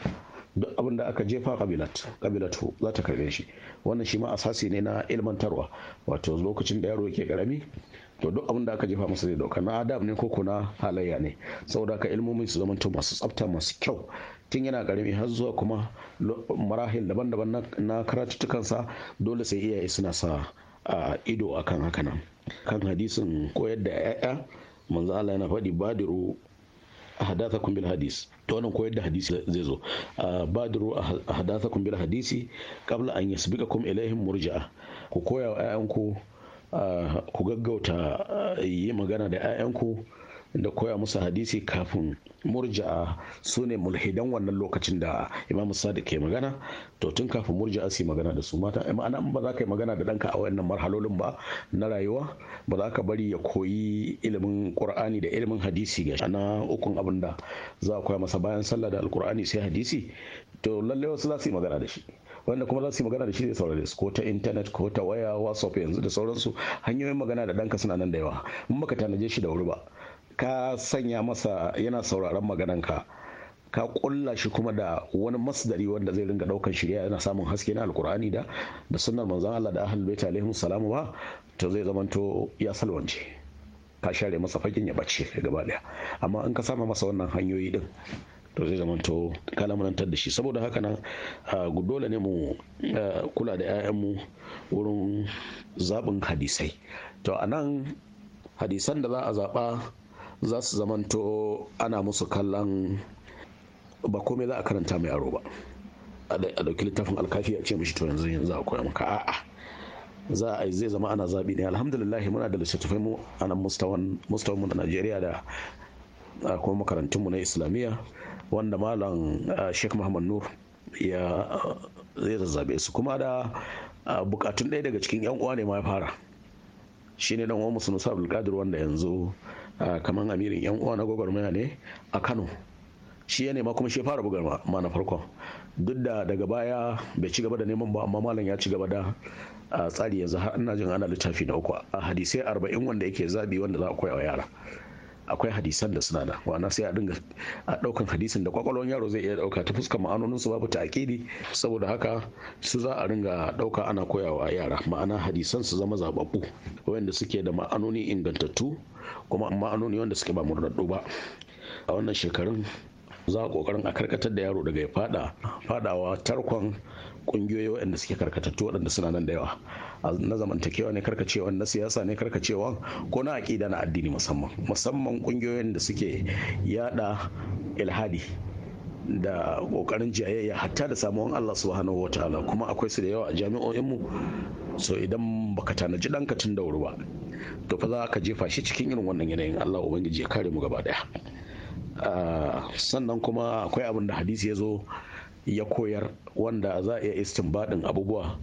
duk abin da aka jefa kabilat kabilatu za ta karbe shi wannan shi ma asasi ne na ilmantarwa wato lokacin da yaro yake karami to duk abin da aka jefa masa zai dauka na adab ne ko kuna halayya ne saboda ka ilmomin su zamanto masu tsafta masu kyau tun yana karami har zuwa kuma marahil daban-daban na karatuttukansa dole sai iyaye suna sa ah, ido akan haka nan kan hadisin koyar da 'ya'ya manzo Allah yana faɗi badiru ahadathakum bil hadis to wannan koyar da hadisi zai zo ah, badiru ahadathakum bil hadisi qabla an yasbiqakum ilaihim murja'a ku koya wa 'ya'yanku ah, ku gaggauta ah, yi magana da 'ya'yanku da koya musu hadisi kafin murja'a su ne mulhidan wannan lokacin da imam sadiq ke magana to tun kafin murja'a su magana da su mata ma'ana ba za ka yi magana da ɗanka a wayannan marhalolin ba na rayuwa ba za ka bari ya koyi ilimin qur'ani da ilimin hadisi ga na ukun abin da za a koya masa bayan sallah da alqur'ani sai hadisi to lallai wasu za su yi magana da shi wanda kuma za su yi magana da shi zai saurare su ko ta intanet ko ta waya whatsapp yanzu da sauransu hanyoyin magana da danka suna nan da yawa in baka tanaje shi da wuri ba ka sanya masa yana sauraron maganan ka kulla shi kuma da wani masdari wanda zai ringa daukan shirya yana samun haske na alkur'ani da da sunnar manzon Allah da ahlul bait alaihim salamu ba to zai zamanto ya salwance ka share masa fakin ya bace gaba daya amma in ka sama masa wannan hanyoyi din to zai zamanto ka lamurantar da shi saboda haka nan dole ne mu kula da mu wurin zaɓin hadisai to anan hadisan da za a zaɓa za su zamanto ana musu kallon ba komai za a karanta mai yaro ba a dauki littafin alkafi a ce mishi to yanzu yanzu a koya maka a'a za a zai zama ana zabi ne alhamdulillah muna da littattafai mu a nan mustawan mu na Najeriya da kuma makarantun mu na Islamiyya wanda malam Sheikh Muhammad Nur ya zai zazzabe su kuma da bukatun ɗaya daga cikin yan uwa ne ma ya fara shine dan uwan musu Musa Abdulkadir wanda yanzu Ah, kamar amirin yan uwa na gwagwarmaya ne a kano shi ya nema kuma shi fara bugar ma na farkon duk da daga baya bai ci gaba da neman ba amma malam ya ci gaba da ah, tsari yanzu har ina jin ana littafi na uku a hadisai arba'in wanda yake zabi wanda za a koya wa yara akwai hadisan da suna da na sai a dinga a daukan hadisin da kwakwalwan yaro zai iya dauka ta fuskar ma'anonin su babu ta'akidi saboda haka su za a ringa dauka ana koyawa yara ma'ana hadisan su zama zababbu wanda suke da ma'anoni ingantattu kuma ma'anoni wanda suke ba murnaɗɗu ba a wannan shekarun za a kokarin a karkatar da yaro daga ya fada fadawa tarkon kungiyoyi waɗanda suke karkatattu waɗanda suna nan da yawa na zamantakewa ne karkacewa na siyasa ne karkacewa ko na aƙida na addini musamman musamman kungiyoyin da suke yada ilhadi da kokarin jayayya hatta da samuwan Allah subhanahu wa ta'ala kuma akwai su da yawa a jami'o'inmu so idan baka tanaji ɗanka tun da wuri ba to fa za ka jefa shi cikin irin wannan yanayin Allah ubangiji ya kare mu gaba daya ah, sannan kuma akwai abin da hadisi ya zo ya koyar wanda za a iya istinbadin abubuwa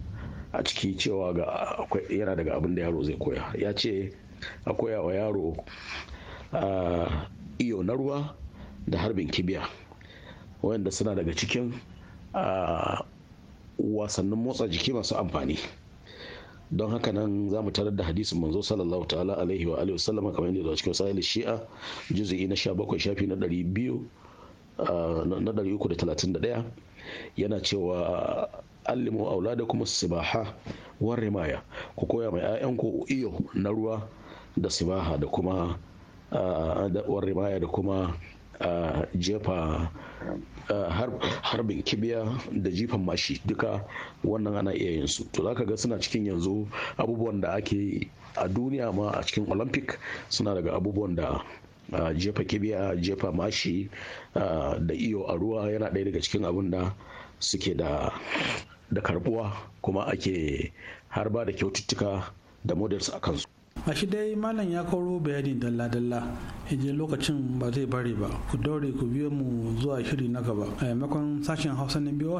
a ciki cewa ga akwai yana daga abin da yaro zai koya ya ce a koya wa yaro ah, iyo na ruwa da harbin kibiya wanda suna daga cikin ah, wasannin motsa jiki masu amfani don haka nan za mu tarar da hadisin manzo sallallahu ta'ala alaihi wa alihi wasallama kamar yadda zuwa cikin sahih shi'a juz'i na 17 shafi na 200 na 331 yana cewa allimu kuma sibaha war rimaya ku koya mai 'ya'yanku iyo na ruwa da sibaha da kuma war rimaya da kuma jefa harbin kibiya da jifan mashi duka wannan ana iya yin su to zaka ga suna cikin yanzu abubuwan da ake a duniya ma a cikin olympic suna daga abubuwan da a jefa kibiya jefa mashi da iyo a ruwa yana ɗaya daga cikin abin da suke da da karbuwa kuma ake harba da kyaututtuka da models a kansu a shi dai malam ya koro bayani dalla-dalla je lokacin ba zai bari ba ku daure ku biyo mu zuwa shiri na gaba a maimakon sashen hausa na boh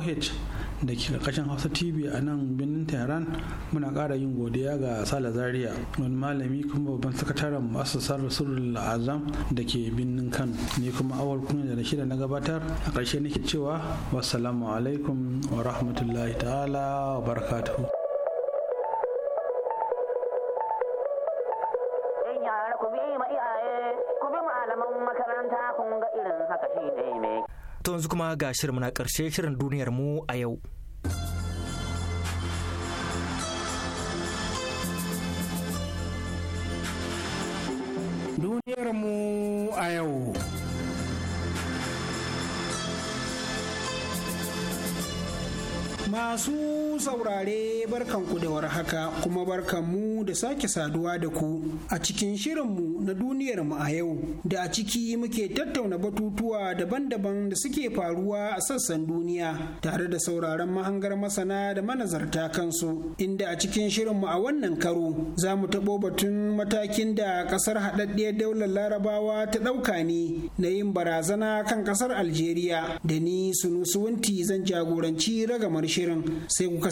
da ke karkashin hausa tv a nan birnin tehran muna ƙara yin godiya ga sala zaria wani malami kuma babban sakataren masasar rasulul azam da ke birnin kano ne kuma awal kunya da shida na gabatar a ƙarshe nake cewa wassalamu alaikum wa rahmatullahi ta'ala wa barakatuhu kun ga irin haka shi ne mai. To yanzu kuma ga shirin na ƙarshe shirin duniyar mu a yau. Duniyar mu a yau. Masu saurare barkan ku da war haka kuma barkanmu da sake saduwa da ku a cikin shirinmu na duniyar mu a yau da a ciki muke tattauna batutuwa daban-daban da suke faruwa a sassan duniya tare da sauraron mahangar masana da manazarta kansu inda a cikin shirinmu a wannan karo za mu taɓo batun matakin da ƙasar haɗaɗɗiyar daular larabawa ta ɗauka ne na yin barazana kan ƙasar algeria da ni sunusuwunti zan jagoranci ragamar shirin sai kuka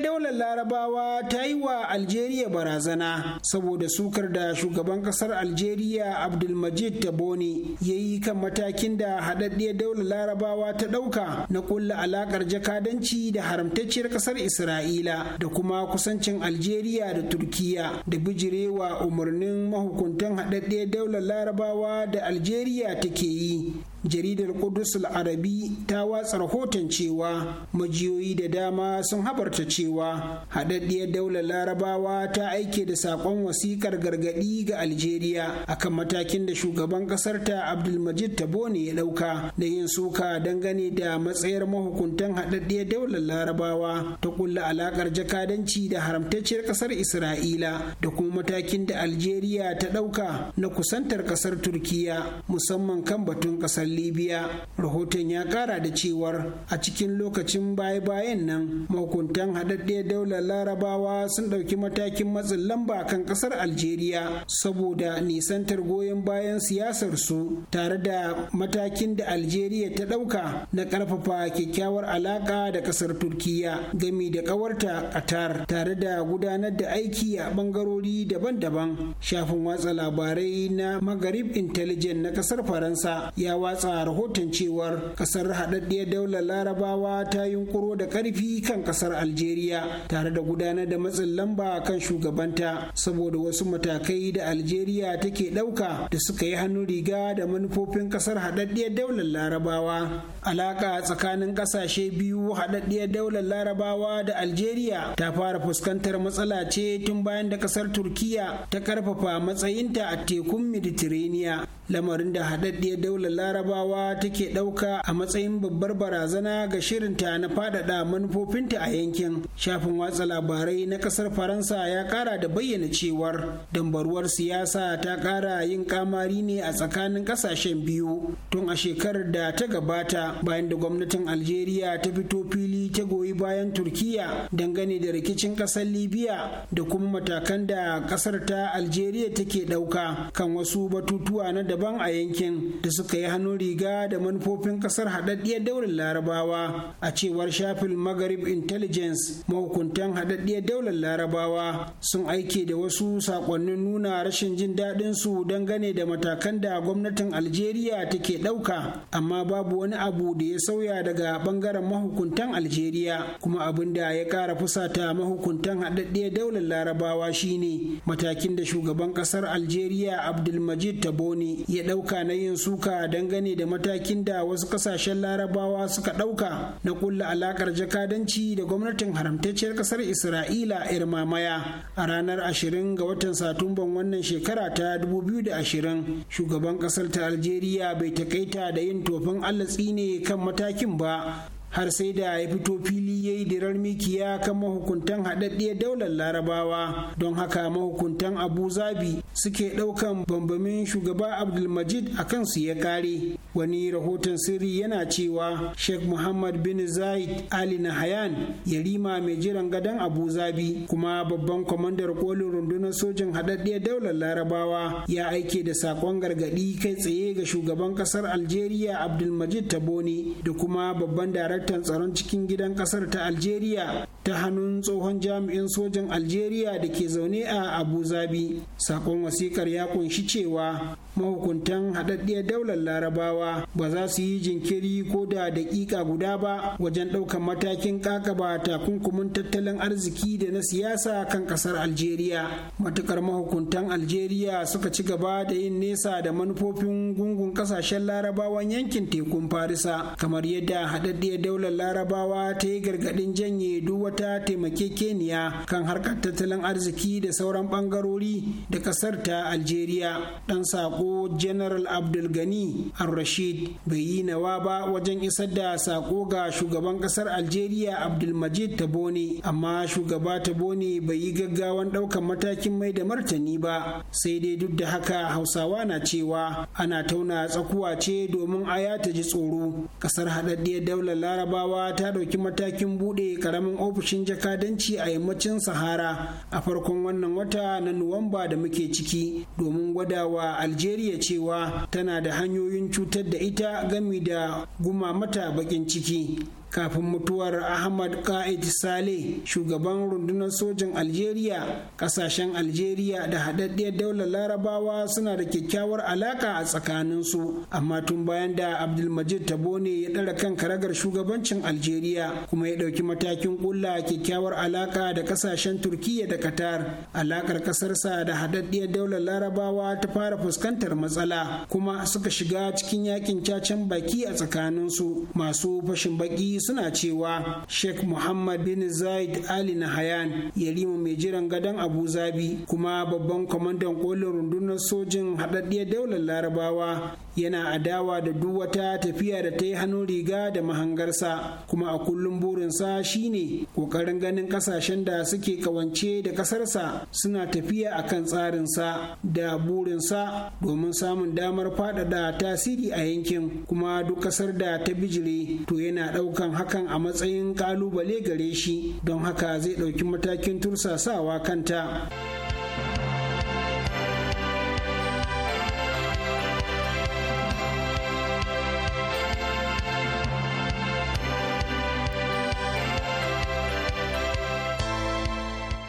daular larabawa ta yi wa algeria barazana saboda sukar da shugaban kasar algeria abdulmajid Taboni ya yi kan matakin da haɗaɗɗiyar daular larabawa ta ɗauka na ƙulla alaƙar jakadanci da haramtacciyar kasar isra'ila da kuma kusancin algeria da turkiya da bijirewa umarnin mahukuntan haɗaɗɗiyar daular larabawa da algeria take yi jaridar kudusul arabi ta watsa rahoton cewa majiyoyi da dama sun habarta cewa haɗaɗɗiyar daular larabawa ta aike da saƙon wasikar gargaɗi ga algeria akan matakin da shugaban ƙasar ta abdulmajid tabone ya ɗauka da yin suka dangane da matsayar mahukuntan haɗaɗɗiyar daular larabawa ta kulla alaƙar jakadanci da haramtacciyar ƙasar isra'ila da kuma matakin da algeria ta ɗauka na kusantar ƙasar turkiya musamman kan batun ƙasar libya rahoton ya kara da cewar a cikin lokacin baya-bayan nan mahukuntan haɗaɗɗiyar daular larabawa sun ɗauki matakin matsin lamba kan ƙasar algeria saboda nisantar goyon bayan siyasar su tare da matakin da algeria ta ɗauka na ƙarfafa kyakkyawar alaƙa da ƙasar turkiya gami da ƙawarta qatar tare da gudanar da aiki a ɓangarori daban-daban shafin watsa labarai na magharib intelligence na ƙasar faransa ya watsa watsa rahoton cewar kasar haɗaɗɗiyar daular larabawa ta yunkuro da ƙarfi kan kasar algeria tare da gudanar da matsin lamba kan shugabanta saboda wasu matakai da algeria take ɗauka da suka yi hannun riga da manufofin kasar haɗaɗɗiyar daular larabawa alaƙa tsakanin ƙasashe biyu haɗaɗɗiyar daular larabawa da algeria ta fara fuskantar matsala ce tun bayan da kasar turkiya ta ƙarfafa matsayinta a tekun mediterania lamarin da haɗaɗɗiyar daular larabawa larabawa take ɗauka a matsayin babbar barazana ga shirinta na faɗaɗa manufofinta a yankin shafin watsa labarai na ƙasar faransa ya ƙara da bayyana cewar dambaruwar siyasa ta ƙara yin ƙamari ne a tsakanin ƙasashen biyu tun a shekarar da ta gabata bayan da gwamnatin algeria ta fito fili ta goyi bayan turkiya dangane da rikicin ƙasar libya da kuma matakan da ƙasar ta algeria take ɗauka kan wasu batutuwa na daban a yankin da suka yi hannun riga da manufofin kasar haɗaɗɗiyar daular larabawa a cewar shafin maghrib intelligence mahukuntan haɗaɗɗiyar daular larabawa sun aike da wasu saƙonnin nuna rashin jin daɗin su dangane da matakan da gwamnatin algeria take ɗauka amma babu wani abu da ya sauya daga ɓangaren mahukuntan algeria kuma abin da ya ƙara fusata mahukuntan haɗaɗɗiyar daular larabawa shine matakin da shugaban ƙasar algeria abdulmajid taboni ya ɗauka na yin suka dangane ne da matakin da wasu kasashen larabawa suka ɗauka na kulla alakar jakadanci da gwamnatin haramtacciyar ƙasar isra'ila irmamaya a ranar 20 ga watan satumban wannan shekara ta 2020 shugaban ƙasar ta algeria bai takaita da yin tofin allatsi ne kan matakin ba har sai da ya fito fili ya yi dirar mikiya kan mahukuntan haɗaɗɗiyar daular larabawa don haka mahukuntan abu zabi suke ɗaukan bambamin shugaba abdulmajid a kansu ya kare wani rahoton sirri yana cewa sheikh muhammad bin zaid ali nahayan yarima mai jiran gadon abu zabi kuma babban kwamandar kolin rundunar sojin haɗaɗɗiyar daular larabawa ya aike da saƙon gargaɗi kai tsaye ga shugaban ƙasar algeria abdulmajid tabone da kuma babban darakta daraktan tsaron cikin gidan kasar ta algeria ta hannun tsohon jami'in sojan algeria da ke zaune a abu zabi sakon wasikar ya kunshi cewa mahukuntan haɗaɗɗiyar daular larabawa ba za su yi jinkiri ko da daƙiƙa guda ba wajen ɗaukar matakin ƙaƙaba takunkumin tattalin arziki da na siyasa kan ƙasar algeria matuƙar mahukuntan algeria suka ci gaba da yin nesa da manufofin gungun ƙasashen larabawan yankin tekun farisa kamar yadda haɗaɗɗiyar daular larabawa ta yi gargaɗin janye duk wata taimakekeniya kan harkar tattalin arziki da sauran bangarori da kasar ta algeria dan sako general abdul gani al-rashid bai yi nawa ba wajen isar da sako ga shugaban kasar algeria abdulmajid tabone amma shugaba tabone bai yi gaggawan ɗaukan matakin mai da martani ba sai dai duk da haka hausawa na cewa ana tauna tsakuwa ce domin aya ta ji tsoro kasar haɗaɗɗiyar daular larabawa ta ɗauki matakin buɗe ƙaramin ofis ofishin jakadanci a yammacin sahara a farkon wannan wata na nuwamba da muke ciki domin gwadawa algeria cewa tana da hanyoyin cutar da ita gami da guma mata bakin ciki kafin mutuwar ahmad ka'id saleh shugaban rundunar sojan algeria kasashen algeria da haɗaɗɗiyar daular larabawa suna da kyakkyawar alaka a tsakaninsu amma tun bayan da abdulmajid tabone ya ɗara kan karagar shugabancin algeria kuma ya ɗauki matakin ƙulla kyakkyawar alaka da kasashen turkiya da qatar alakar ƙasarsa da haɗaɗɗiyar daular larabawa ta fara fuskantar matsala kuma suka shiga cikin yakin cacen baki a tsakaninsu masu fashin baki suna cewa sheikh muhammad bin zaid ali nahayan yarima mai jiran gadon abu zabi kuma babban kwamandan kolin rundunar sojin haɗaɗɗiyar daular larabawa yana adawa da duk wata tafiya da ta yi hannun riga da mahangarsa kuma a kullum burinsa shine kokarin ganin kasashen da suke kawance da kasarsa suna tafiya a kan tsarinsa da burinsa domin samun damar faɗaɗa tasiri a yankin kuma duk kasar da ta bijire to yana ɗaukan hakan a matsayin ƙalubale gare shi don haka zai ɗauki matakin tursasawa kanta.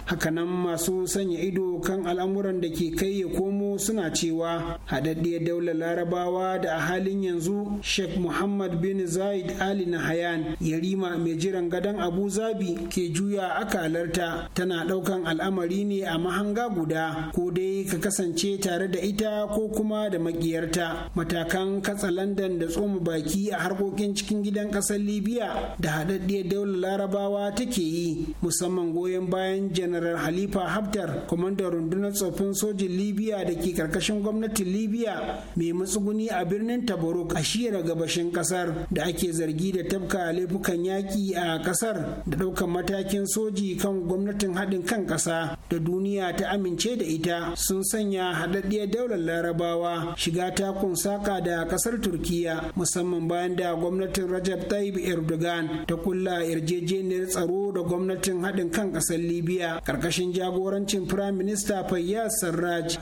hakanan masu sanya ido kan al'amuran da ke kai ya komo suna cewa haɗaɗɗiyar daular larabawa da a halin yanzu sheikh muhammad bin zaid ali na hayan yarima mai jiran gadon abu zabi ke juya akalarta tana ɗaukan al'amari ne a mahanga guda ko dai ka kasance tare da ita ko kuma da makiyarta matakan katsa landan da tsoma baki a harkokin cikin gidan ƙasar libya da haɗaɗɗiyar daular larabawa take yi musamman goyon bayan janar janar halifa haftar kwamandan rundunar tsoffin sojin libya da ke karkashin gwamnatin libya mai matsuguni a birnin tabaruk a shiyar gabashin kasar da ake zargi da tabka laifukan yaƙi a kasar da ɗaukan matakin soji kan gwamnatin haɗin kan ƙasa da duniya ta amince da ita sun sanya haɗaɗɗiyar daular larabawa shiga takun saka da ƙasar turkiya musamman bayan da gwamnatin rajab tayyip erdogan ta kulla yarjejeniyar tsaro da gwamnatin haɗin kan ƙasar libya karkashin jagorancin Firaminista Fayyaz Sarraj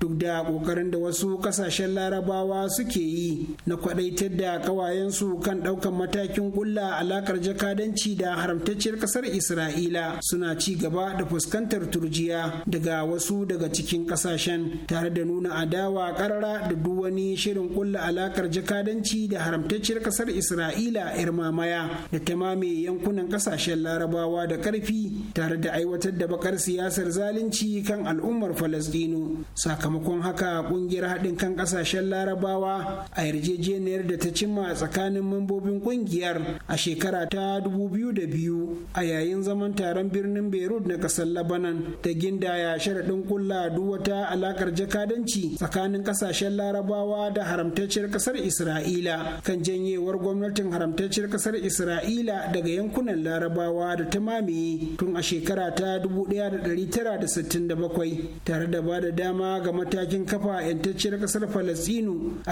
duk da kokarin da wasu kasashen larabawa suke yi na kwadaitar da kawayensu kan daukan matakin kulla alakar jakadanci da haramtacciyar kasar isra'ila suna ci gaba da fuskantar turjiya daga wasu daga cikin kasashen tare da nuna adawa karara da duk wani shirin kulla alakar jakadanci da haramtacciyar kasar isra'ila yar mamaya da ta mame yankunan kasashen larabawa da karfi tare da aiwatar da bakar siyasar zalunci kan al'ummar falastinu sakamakon haka kungiyar haɗin kan ƙasashen larabawa a yarjejeniyar da ta cimma a tsakanin mambobin kungiyar a shekara ta 2002 a yayin zaman taron birnin beirut na ƙasar labanan ta gindaya sharaɗin kulla duwata, wata alaƙar jakadanci tsakanin ƙasashen larabawa da haramtacciyar ƙasar isra'ila kan janyewar gwamnatin haramtacciyar ƙasar isra'ila daga yankunan larabawa da ta mamaye tun a shekara ta 1967 tare da ba da dama ga matakin kafa yantacciyar kasar a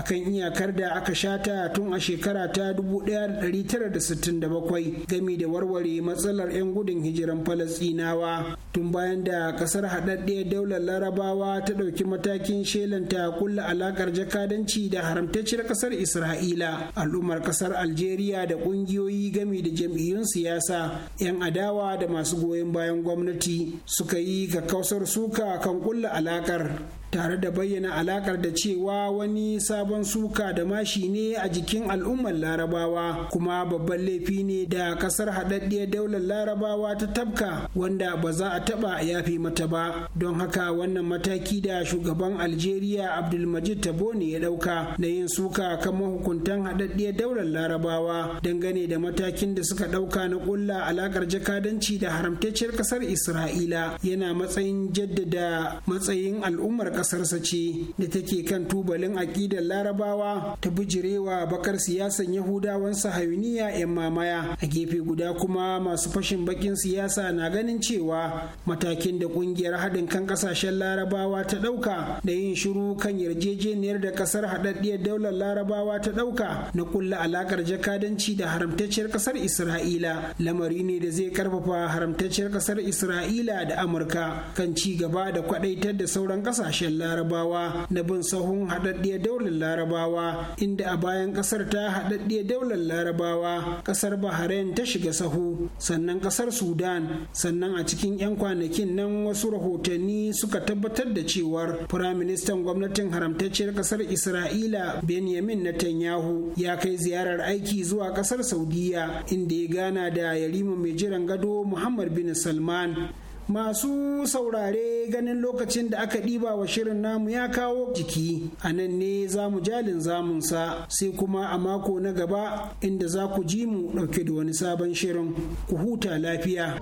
kan iyakar da aka shata tun a shekara ta 1967 gami da warware matsalar 'yan gudun hijiran falasinawa tun bayan da kasar haɗaɗɗiyar daular larabawa ta ɗauki matakin shelanta kulla alaƙar jakadanci da haramtacciyar kasar isra'ila al'ummar kasar algeria da ƙungiyoyi gami da jam'iyyun siyasa 'yan adawa da masu goyon bayan gwamnati suka yi kakkausar suka kan kulla alaƙar. tare da bayyana alakar da cewa wani sabon suka da mashi ne a jikin al'ummar larabawa kuma babban laifi ne da kasar haɗaɗɗiyar daular larabawa ta tabka wanda ba za a taɓa yafe mata ba don haka wannan mataki da shugaban algeria abdulmajid tabo ya ɗauka na yin suka kan mahukuntan haɗaɗɗiyar daular larabawa dangane da matakin da suka ɗauka na ƙulla alakar jakadanci da haramtacciyar kasar isra'ila yana matsayin jaddada matsayin al'ummar ƙasarsa ce da take kan tubalin aƙidar larabawa ta bijirewa bakar siyasan yahudawan sahayuniya 'yan mamaya a gefe guda kuma masu fashin bakin siyasa na ganin cewa matakin da ƙungiyar haɗin kan ƙasashen larabawa ta ɗauka da yin shiru kan yarjejeniyar da ƙasar haɗaɗɗiyar daular larabawa ta ɗauka na ƙulla alaƙar jakadanci da haramtacciyar ƙasar isra'ila lamari ne da zai ƙarfafa haramtacciyar ƙasar isra'ila da amurka kan ci gaba da kwaɗaitar da sauran ƙasashen larabawa na bin sahun haɗaɗɗiyar daular larabawa inda a bayan ƙasar ta haɗaɗɗiyar daular larabawa ƙasar bahrain ta shiga sahu sannan ƙasar sudan sannan a cikin 'yan kwanakin nan wasu rahotanni suka tabbatar da cewar firaministan gwamnatin haramtacciyar ƙasar isra'ila benjamin netanyahu ya kai ziyarar aiki zuwa ƙasar saudiya inda ya gana da yarima mai jiran gado muhammad bin salman Masu saurare ganin lokacin da aka ɗiba wa shirin namu ya kawo jiki a nan ne za mu jalin zamunsa sai kuma a mako na gaba inda za ku ji mu ɗauke da wani sabon shirin ku huta lafiya.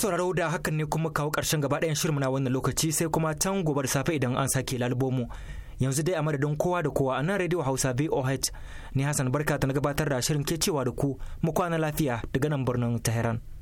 sauraro da hakan ne kuma kawo ƙarshen gaba ɗayan shirin na wannan lokaci sai kuma can gobe da safe idan an sake lalbomu. Yanzu dai a madadin kowa da kowa a nan rediyo Hausa VOH ni Hassan Barka ta na gabatar da shirin ke cewa da ku mu kwana lafiya daga nan birnin Tehran.